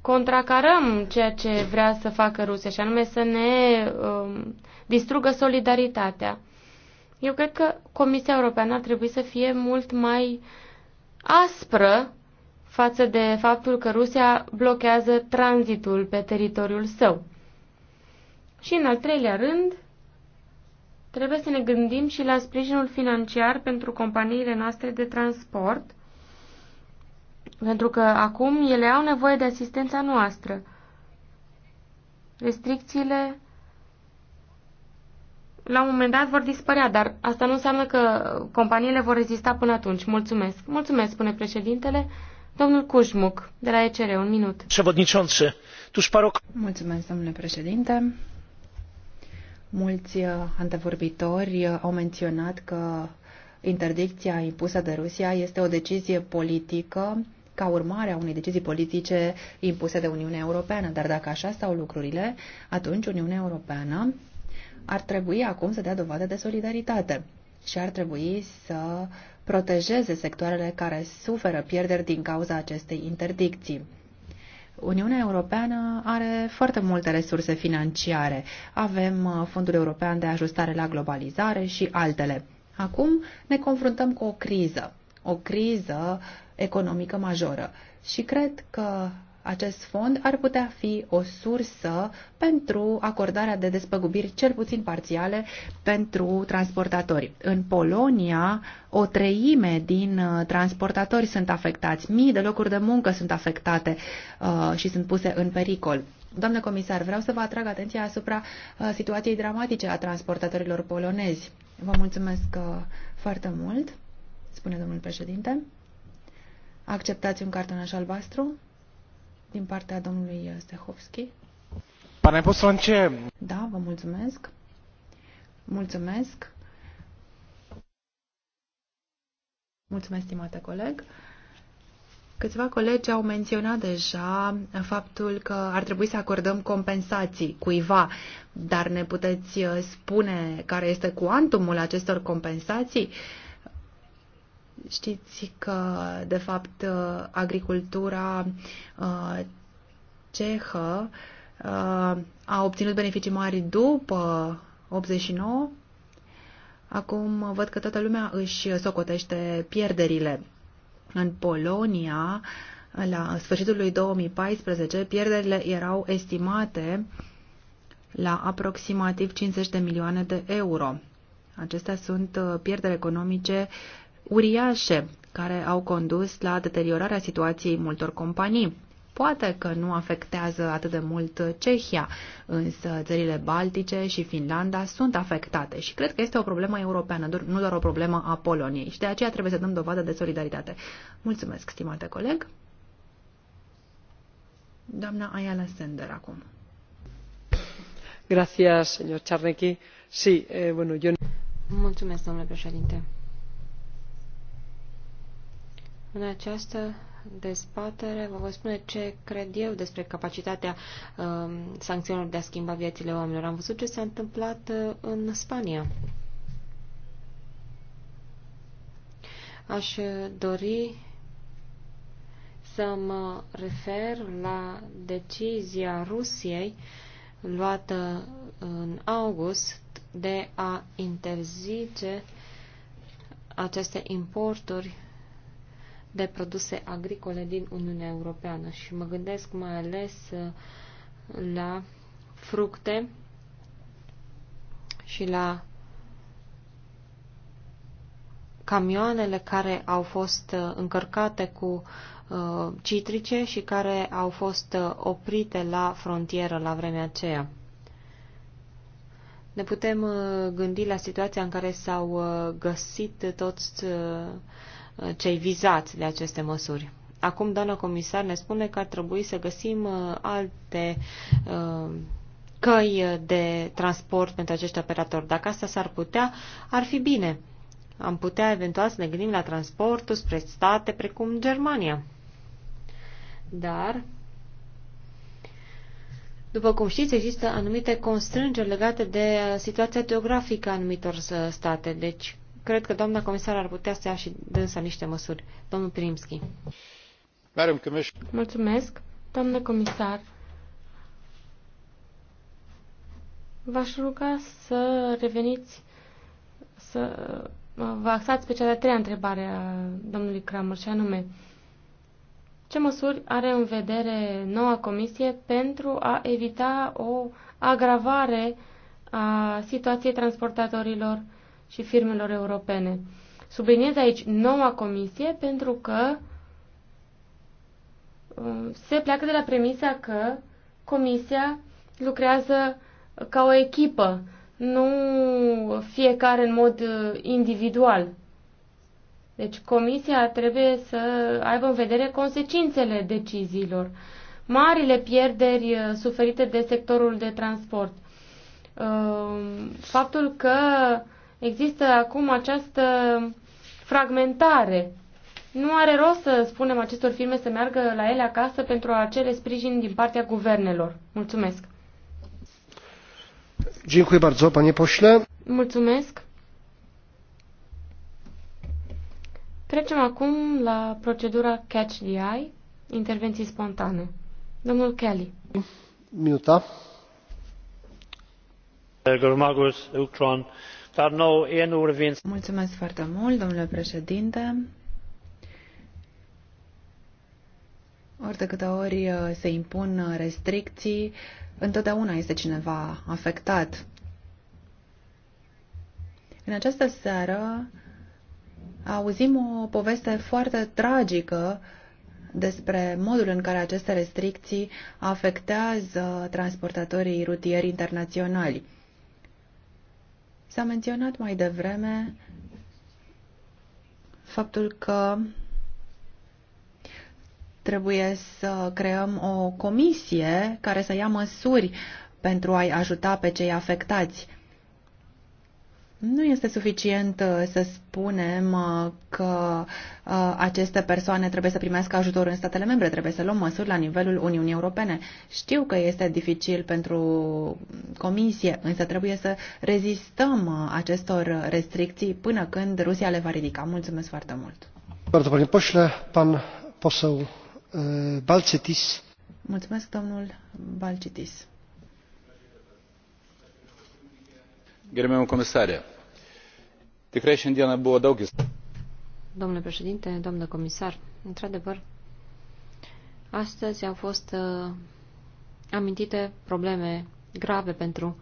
contracarăm ceea ce vrea să facă Rusia și anume să ne um, distrugă solidaritatea. Eu cred că Comisia Europeană ar trebui să fie mult mai aspră față de faptul că Rusia blochează tranzitul pe teritoriul său. Și în al treilea rând, trebuie să ne gândim și la sprijinul financiar pentru companiile noastre de transport, pentru că acum ele au nevoie de asistența noastră. Restricțiile la un moment dat vor dispărea, dar asta nu înseamnă că companiile vor rezista până atunci. Mulțumesc. Mulțumesc, spune președintele. Domnul Cușmuc, de la ECR, un minut. Mulțumesc, domnule președinte. Mulți uh, antevorbitori uh, au menționat că interdicția impusă de Rusia este o decizie politică ca urmare a unei decizii politice impuse de Uniunea Europeană. Dar dacă așa stau lucrurile, atunci Uniunea Europeană ar trebui acum să dea dovadă de solidaritate și ar trebui să protejeze sectoarele care suferă pierderi din cauza acestei interdicții. Uniunea Europeană are foarte multe resurse financiare. Avem uh, Fondul European de Ajustare la Globalizare și altele. Acum ne confruntăm cu o criză, o criză economică majoră. Și cred că acest fond ar putea fi o sursă pentru acordarea de despăgubiri cel puțin parțiale pentru transportatori. În Polonia, o treime din uh, transportatori sunt afectați, mii de locuri de muncă sunt afectate uh, și sunt puse în pericol. Doamne comisar, vreau să vă atrag atenția asupra uh, situației dramatice a transportatorilor polonezi. Vă mulțumesc uh, foarte mult, spune domnul președinte. Acceptați un cartonaș albastru? din partea domnului Stehovski. Pane poslanče. Da, vă mulțumesc. Mulțumesc. Mulțumesc, stimate coleg. Câțiva colegi au menționat deja faptul că ar trebui să acordăm compensații cuiva, dar ne puteți spune care este cuantumul acestor compensații? Uh, Știți că, de fapt, agricultura uh, cehă uh, a obținut beneficii mari după 89. Acum văd că toată lumea își socotește pierderile. În Polonia, la sfârșitul lui 2014, pierderile erau estimate la aproximativ 50 de milioane de euro. Acestea sunt uh, pierderi economice uriașe care au condus la deteriorarea situației multor companii. Poate că nu afectează atât de mult Cehia, însă țările Baltice și Finlanda sunt afectate și cred că este o problemă europeană, nu doar o problemă a Poloniei și de aceea trebuie să dăm dovadă de solidaritate. Mulțumesc, stimate coleg. Doamna Ayala Sender acum. Gracias, señor Charnecki. Sí, eh, bueno, yo... Mulțumesc, domnule președinte. În această dezbatere vă voi spune ce cred eu despre capacitatea uh, sancțiunilor de a schimba viețile oamenilor. Am văzut ce s-a întâmplat uh, în Spania. Aș uh, dori să mă refer la decizia Rusiei luată în august de a interzice aceste importuri de produse agricole din Uniunea Europeană și mă gândesc mai ales uh, la fructe și la camioanele care au fost uh, încărcate cu uh, citrice și care au fost oprite la frontieră la vremea aceea. Ne putem gândi la situația în care s-au găsit toți Uh, cei vizați de aceste măsuri. Acum, doamna comisar ne spune că ar trebui să găsim uh, alte uh, căi de transport pentru acești operatori. Dacă asta s-ar putea, ar fi bine. Am putea eventual să ne gândim la transportul spre state precum Germania. Dar, după cum știți, există anumite constrângeri legate de situația geografică a anumitor state. Deci, cred că doamna comisar ar putea să ia și dânsa niște măsuri. Domnul Primski. Mulțumesc, doamna comisar. V-aș ruga să reveniți, să vă axați pe cea de-a treia întrebare a domnului Kramer, și anume, ce măsuri are în vedere noua comisie pentru a evita o agravare a situației transportatorilor și firmelor europene. Subliniez aici noua comisie pentru că um, se pleacă de la premisa că comisia lucrează ca o echipă, nu fiecare în mod uh, individual. Deci comisia trebuie să aibă în vedere consecințele deciziilor, marile pierderi uh, suferite de sectorul de transport. Um, faptul că Există acum această fragmentare. Nu are rost să spunem acestor firme să meargă la ele acasă pentru a cere sprijin din partea guvernelor. Mulțumesc. Dziękuję bardzo, panie pośle. Mulțumesc. Trecem acum la procedura Catch the Eye, intervenții spontane. Domnul Kelly. Minuta. Mulțumesc Mulțumesc foarte mult, domnule președinte. Ori de câte ori uh, se impun restricții, întotdeauna este cineva afectat. În această seară auzim o poveste foarte tragică despre modul în care aceste restricții afectează transportatorii rutieri internaționali. S-a menționat mai devreme faptul că trebuie să creăm o comisie care să ia măsuri pentru a-i ajuta pe cei afectați. Nu este suficient uh, să spunem uh, că uh, aceste persoane trebuie să primească ajutor în statele membre, trebuie să luăm măsuri la nivelul Uniunii Europene. Știu că este dificil pentru Comisie, însă trebuie să rezistăm acestor restricții până când Rusia le va ridica. Mulțumesc foarte mult! Mulțumesc, domnul Balcitis. domnule președinte domnule comisar într adevăr astăzi au fost uh, amintite probleme grave pentru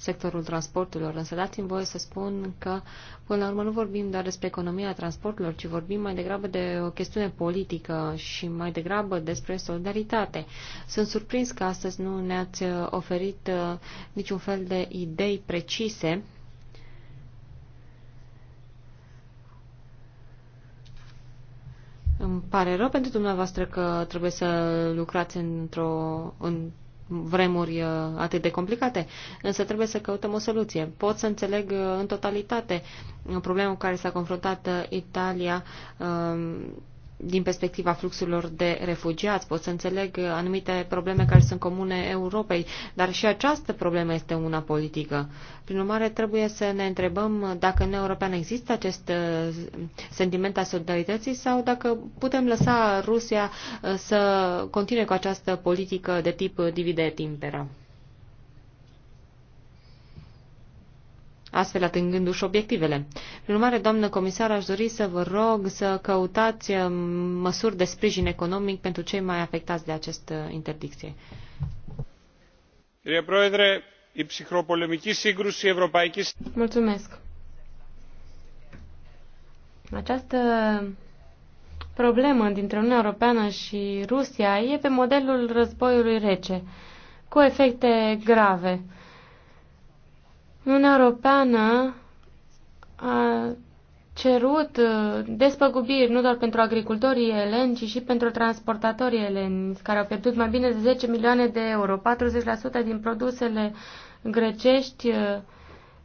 sectorul transporturilor, însă dați-mi voie să spun că, până la urmă, nu vorbim doar despre economia transporturilor, ci vorbim mai degrabă de o chestiune politică și mai degrabă despre solidaritate. Sunt surprins că astăzi nu ne-ați uh, oferit uh, niciun fel de idei precise Îmi pare rău pentru dumneavoastră că trebuie să lucrați într-o, în, vremuri uh, atât de complicate, însă trebuie să căutăm o soluție. Pot să înțeleg uh, în totalitate problema cu care s-a confruntat uh, Italia din perspectiva fluxurilor de refugiați. Pot să înțeleg uh, anumite probleme care sunt comune Europei, dar și această problemă este una politică. Prin urmare, trebuie să ne întrebăm dacă în European există acest uh, sentiment al solidarității sau dacă putem lăsa Rusia uh, să continue cu această politică de tip divide et impera. astfel atingându-și obiectivele. Prin urmare, doamnă comisar, aș dori să vă rog să căutați um, măsuri de sprijin economic pentru cei mai afectați de această interdicție. Mulțumesc. Această problemă dintre Uniunea Europeană și Rusia e pe modelul războiului rece, cu efecte grave. Uniunea Europeană a cerut uh, despăgubiri nu doar pentru agricultorii eleni, ci și pentru transportatorii eleni, care au pierdut mai bine de 10 milioane de euro. 40% din produsele grecești uh,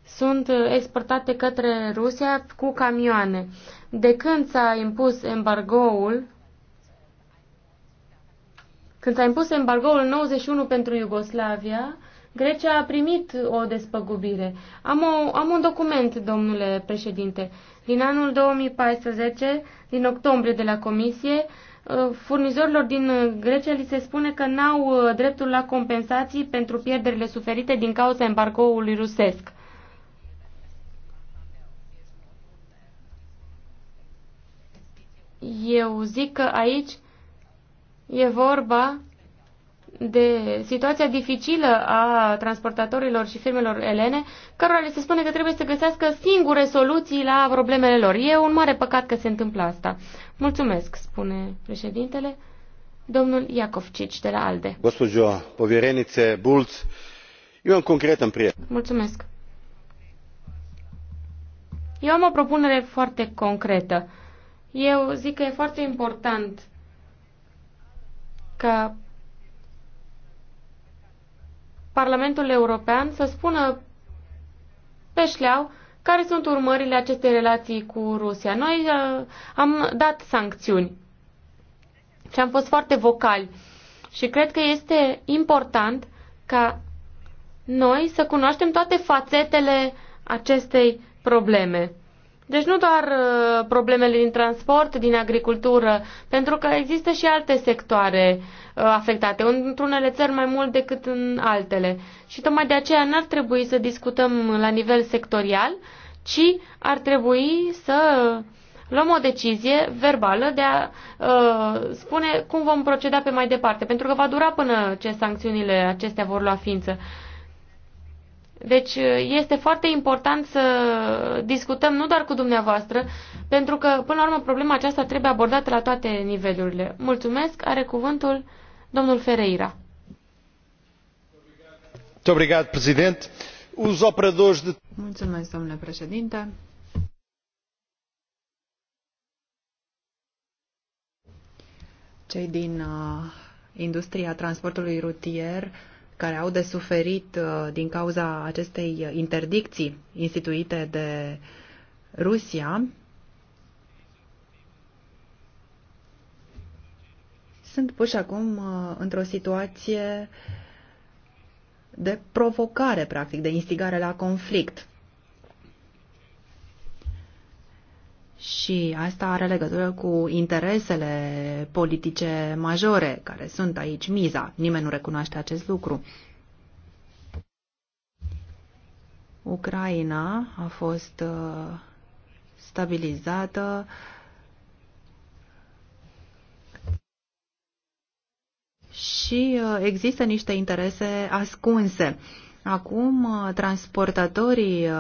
sunt uh, exportate către Rusia cu camioane. De când s-a impus embargoul, când s-a impus embargoul 91 pentru Iugoslavia, Grecia a primit o despăgubire. Am, o, am un document, domnule președinte, din anul 2014, din octombrie de la Comisie, uh, furnizorilor din Grecia li se spune că n-au uh, dreptul la compensații pentru pierderile suferite din cauza embargoului rusesc. Eu zic că aici e vorba de situația dificilă a transportatorilor și firmelor elene, cărora le se spune că trebuie să găsească singure soluții la problemele lor. E un mare păcat că se întâmplă asta. Mulțumesc, spune președintele, domnul Iacovcici de la ALDE. Gospođo povjerenice Bulc, eu am concretan prieten. Mulțumesc. Eu am o propunere foarte concretă. Eu zic că e foarte important ca Parlamentul European să spună pe șleau care sunt urmările acestei relații cu Rusia. Noi uh, am dat sancțiuni și am fost foarte vocali și cred că este important ca noi să cunoaștem toate fațetele acestei probleme. Deci nu doar uh, problemele din transport, din agricultură, pentru că există și alte sectoare uh, afectate, într-unele țări mai mult decât în altele. Și tocmai de aceea n-ar trebui să discutăm la nivel sectorial, ci ar trebui să luăm o decizie verbală de a uh, spune cum vom proceda pe mai departe, pentru că va dura până ce sancțiunile acestea vor lua ființă. Uh, deci este foarte important să discutăm nu doar cu dumneavoastră, pentru că, până la urmă, problema aceasta trebuie abordată la toate nivelurile. Mulțumesc. Are cuvântul domnul Ferreira. Mulțumesc, domnule președinte. Cei din uh, industria transportului rutier uh, care au de suferit uh, din cauza acestei interdicții instituite de Rusia sunt puși acum uh, într-o situație de provocare, practic, de instigare la conflict. Și asta are legătură cu interesele politice majore, care sunt aici miza. Nimeni nu recunoaște acest lucru. Ucraina a fost uh, stabilizată și uh, există niște interese ascunse Acum, uh, transportatorii uh,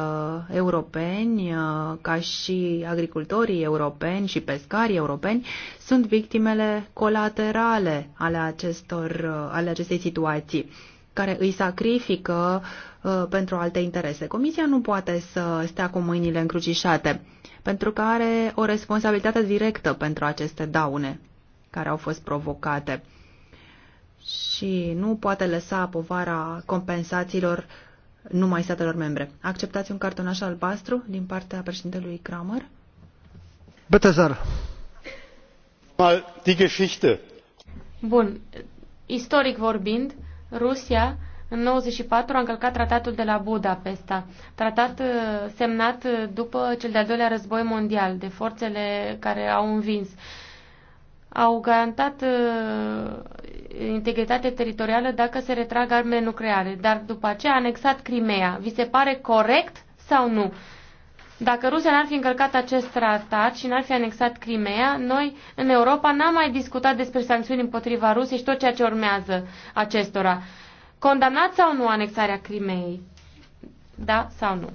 europeni, uh, ca și agricultorii europeni și pescarii europeni, sunt victimele colaterale ale, acestor, ale acestei situații care îi sacrifică uh, pentru alte interese. Comisia nu poate să stea cu mâinile încrucișate, pentru că are o responsabilitate directă pentru aceste daune care au fost provocate și nu poate lăsa povara compensațiilor numai statelor membre. Acceptați un cartonaș albastru din partea președintelui Kramer? Bătăzar. Bun. Istoric vorbind, Rusia în 94 a încălcat tratatul de la Budapesta, tratat uh, semnat uh, după cel de-al doilea război mondial de forțele care au învins au garantat uh, integritate teritorială dacă se retrag armele nucleare, dar după aceea a anexat Crimea. Vi se pare corect sau nu? Dacă Rusia n-ar fi încălcat acest tratat și n-ar fi anexat Crimea, noi în Europa n-am mai discutat despre sancțiuni împotriva Rusiei și tot ceea ce urmează acestora. Condamnat sau nu anexarea Crimeei? Da sau nu?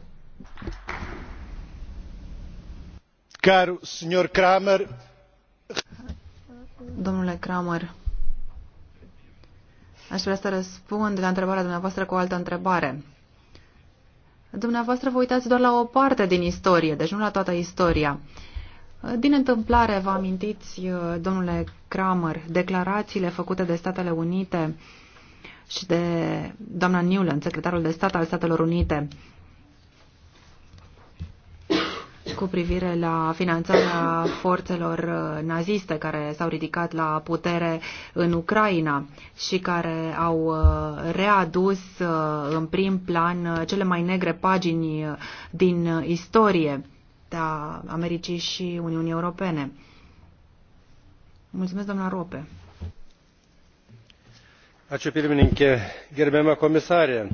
Caro signor Kramer, Domnule Kramer, aș vrea să răspund la întrebarea dumneavoastră cu o altă întrebare. Dumneavoastră vă uitați doar la o parte din istorie, deci nu la toată istoria. Din întâmplare, vă amintiți, domnule Kramer, declarațiile făcute de Statele Unite și de doamna Newland, secretarul de stat al Statelor Unite, cu privire la finanțarea forțelor uh, naziste care s-au ridicat la putere în Ucraina și care au uh, readus uh, în prim plan cele mai negre pagini din istorie a Americii și Uniunii Europene. Mulțumesc, doamna Rope. Ačiū pirmininkė, gerbiama komisarė.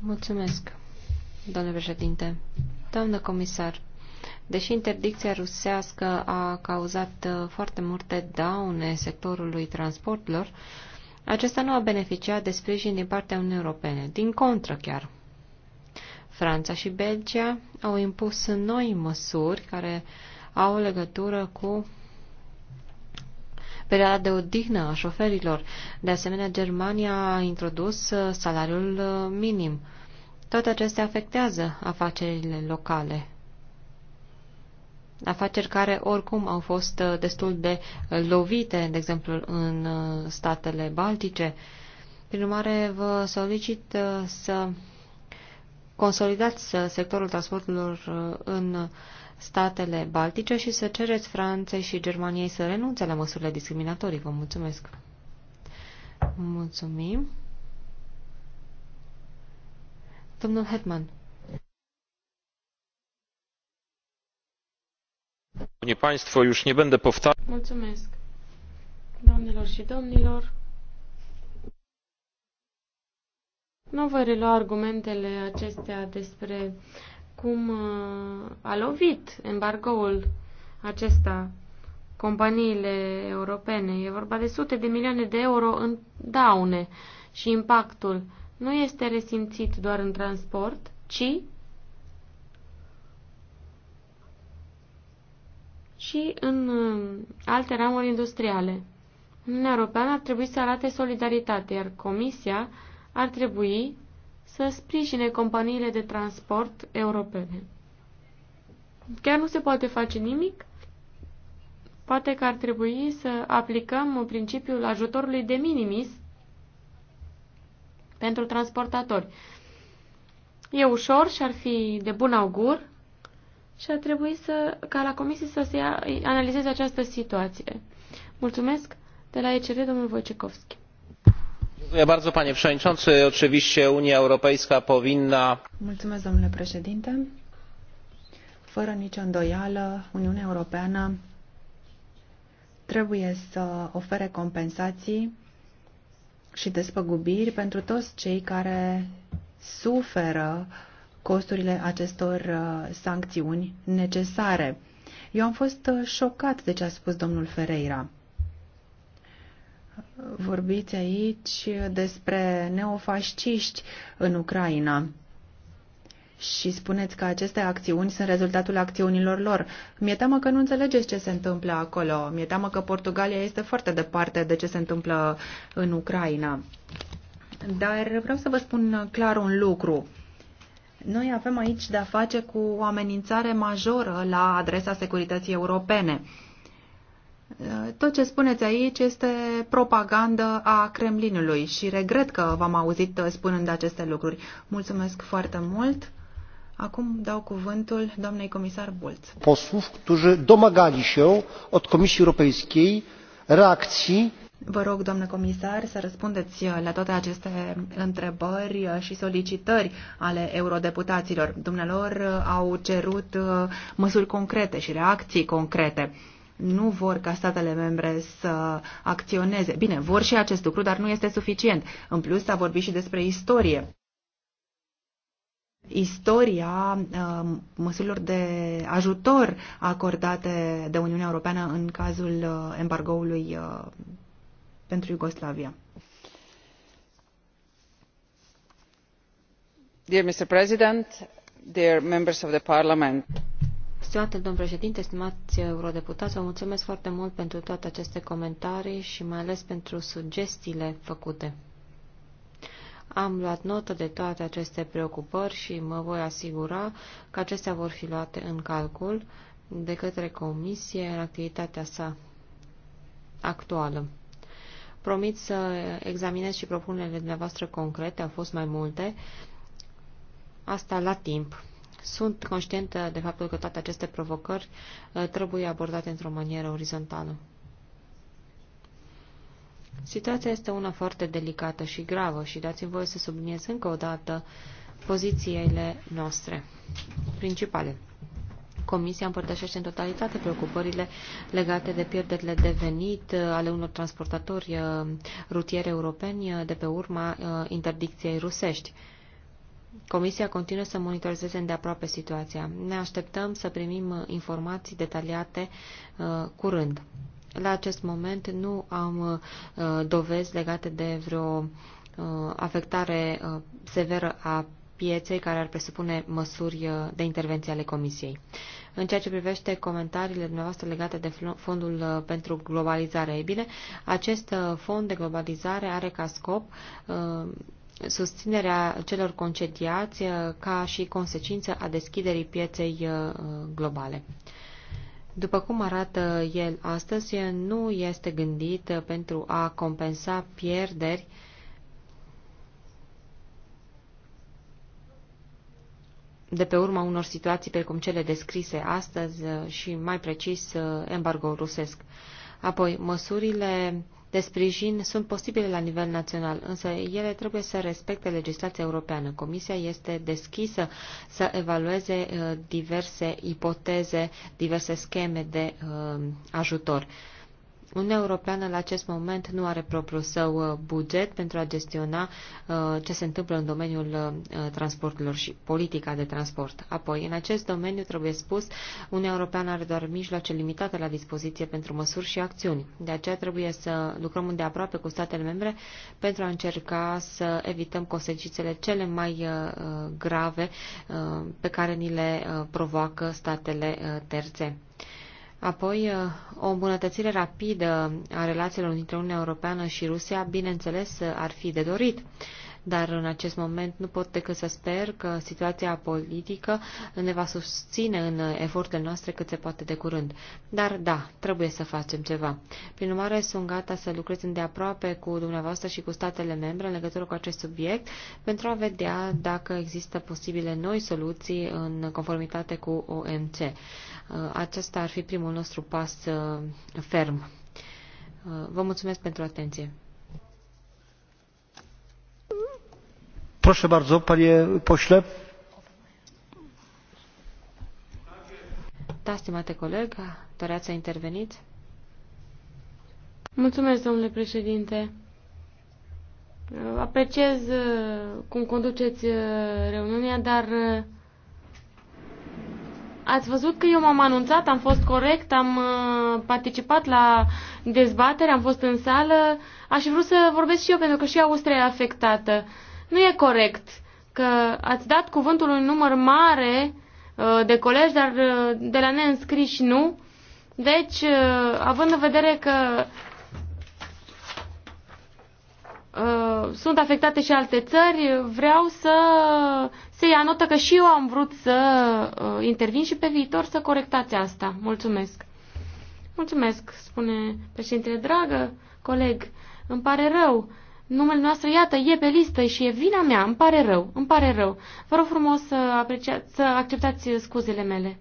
Mulțumesc, doamne președinte. Doamnă comisar, deși interdicția rusească a cauzat uh, foarte multe daune sectorului transportelor, acesta nu a beneficiat de sprijin din partea Uniunii Europene, din contră chiar. Franța și Belgia au impus noi măsuri care au legătură cu perioada de odihnă a șoferilor. De asemenea, Germania a introdus uh, salariul uh, minim. Toate acestea afectează afacerile locale. Afaceri care oricum au fost uh, destul de uh, lovite, de exemplu, în uh, statele baltice. Prin urmare, vă solicit să consolidați sectorul transporturilor în statele baltice și să cereți Franței și Germaniei să renunțe la măsurile discriminatorii. Vă mulțumesc! Mulțumim! Domnul Hetman. Panie Państwo, już nie będę powtarzał. Mulțumesc. Doamnelor și domnilor, nu voi relua argumentele acestea despre cum uh, a lovit embargoul acesta companiile europene. E vorba de sute de milioane de euro în daune și impactul nu este resimțit doar în transport, ci și în um, alte ramuri industriale. Uniunea Europeană ar trebui să arate solidaritate, iar Comisia ar trebui să sprijine companiile de transport europene. Chiar nu se poate face nimic? Poate că ar trebui să aplicăm principiul ajutorului de minimis pentru transportatori. E ușor și ar fi de bun augur și ar trebui să, ca la comisie să se analizeze această situație. Mulțumesc de la ECR, domnul Wojciechowski. Mulțumesc, panie przewodniczący. Oczywiście Unia Europejska powinna... Mulțumesc, domnule președinte. Fără nicio îndoială, Uniunea Europeană trebuie să ofere compensații și despăgubiri pentru toți cei care suferă costurile acestor uh, sancțiuni necesare. Eu am fost uh, șocat de ce a spus domnul Ferreira. Vorbiți aici despre neofasciști în Ucraina și spuneți că aceste acțiuni sunt rezultatul acțiunilor lor. Mi-e teamă că nu înțelegeți ce se întâmplă acolo. Mi-e teamă că Portugalia este foarte departe de ce se întâmplă în Ucraina. Dar vreau să vă spun clar un lucru. Noi avem aici de-a face cu o amenințare majoră la adresa securității europene. Tot ce spuneți aici este propagandă a Kremlinului și regret că v-am auzit spunând aceste lucruri. Mulțumesc foarte mult. Acum dau cuvântul doamnei comisar Bulc. Posłów, którzy domagali się od Komisji Europejskiej reakcji. Vă rog, doamnă comisar, să răspundeți la toate aceste întrebări și solicitări ale eurodeputaților. Dumnealor au cerut uh, măsuri concrete și reacții concrete nu vor ca statele membre să acționeze. Bine, vor și acest lucru, dar nu este suficient. În plus, s-a vorbit și despre istorie istoria uh, măsurilor de ajutor acordate de Uniunea Europeană în cazul uh, embargoului uh, pentru Iugoslavia. Dear Mr. President, dear members of the Parliament. Stimate domn președinte, stimați eurodeputați, vă mulțumesc foarte mult pentru toate aceste comentarii și mai ales pentru sugestiile făcute. Am luat notă de toate aceste preocupări și mă voi asigura că acestea vor fi luate în calcul de către Comisie în activitatea sa actuală. Promit să examinez și propunerile dumneavoastră concrete, au fost mai multe, asta la timp. Sunt conștientă de faptul că toate aceste provocări uh, trebuie abordate într-o manieră orizontală. Situația este una foarte delicată și gravă și dați-mi voie să subliniez încă o dată pozițiile noastre principale. Comisia împărtășește în totalitate preocupările legate de pierderile de venit uh, ale unor transportatori uh, rutieri europeni uh, de pe urma interdicției rusești. Comisia continuă să monitorizeze îndeaproape situația. Ne așteptăm să primim informații detaliate curând la acest moment nu am uh, dovezi legate de vreo uh, afectare uh, severă a pieței care ar presupune măsuri de intervenție ale Comisiei. În ceea ce privește comentariile dumneavoastră legate de fondul pentru globalizare, e bine, acest fond de globalizare are ca scop susținerea celor concediați ca și consecință a deschiderii pieței globale după cum arată el astăzi, nu este gândit pentru a compensa pierderi de pe urma unor situații precum cele descrise astăzi și, mai precis, embargo rusesc. Apoi, măsurile de sprijin sunt posibile la nivel național, însă ele trebuie să respecte legislația europeană. Comisia este deschisă să evalueze uh, diverse ipoteze, diverse scheme de uh, ajutor. Uniunea Europeană la acest moment nu are propriul său uh, buget pentru a gestiona uh, ce se întâmplă în domeniul uh, transporturilor și politica de transport. Apoi, în acest domeniu, trebuie spus, Uniunea Europeană are doar mijloace limitate la dispoziție pentru măsuri și acțiuni. De aceea trebuie să lucrăm îndeaproape cu statele membre pentru a încerca să evităm consecințele cele mai grave pe care ni le provoacă statele terțe. Apoi, o îmbunătățire rapidă a relațiilor dintre Uniunea Europeană și Rusia, bineînțeles, ar fi de dorit dar în acest moment nu pot decât să sper că situația politică ne va susține în eforturile noastre cât se poate de curând. Dar da, trebuie să facem ceva. Prin urmare, sunt gata să lucrez îndeaproape cu dumneavoastră și cu statele membre în legătură cu acest subiect pentru a vedea dacă există posibile noi soluții în conformitate cu OMC. Acesta ar fi primul nostru pas uh, ferm. Uh, vă mulțumesc pentru atenție. Proszę bardzo, panie pośle. Da, stimate coleg, doreați să interveniți? Mulțumesc, domnule președinte. Apreciez uh, cum conduceți uh, reuniunea, dar uh, ați văzut că eu m-am anunțat, am fost corect, am participat la dezbatere, am fost în sală. Aș vrea să vorbesc și eu, pentru că și Austria e afectată. Nu e corect că ați dat cuvântul un număr mare uh, de colegi, dar uh, de la neînscriși nu. Deci, uh, având în vedere că sunt afectate și alte țări, vreau să se ia notă că și eu am vrut să intervin și pe viitor să corectați asta. Mulțumesc. Mulțumesc, spune președintele dragă, coleg. Îmi pare rău numele noastră, iată, e pe listă și e vina mea, îmi pare rău, îmi pare rău. Vă rog frumos să, aprecia, să acceptați uh, scuzele mele.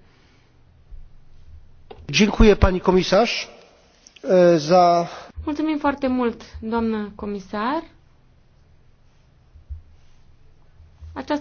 Dziękuję pani comisar, za... Mulțumim foarte mult, doamnă comisar. Aceasta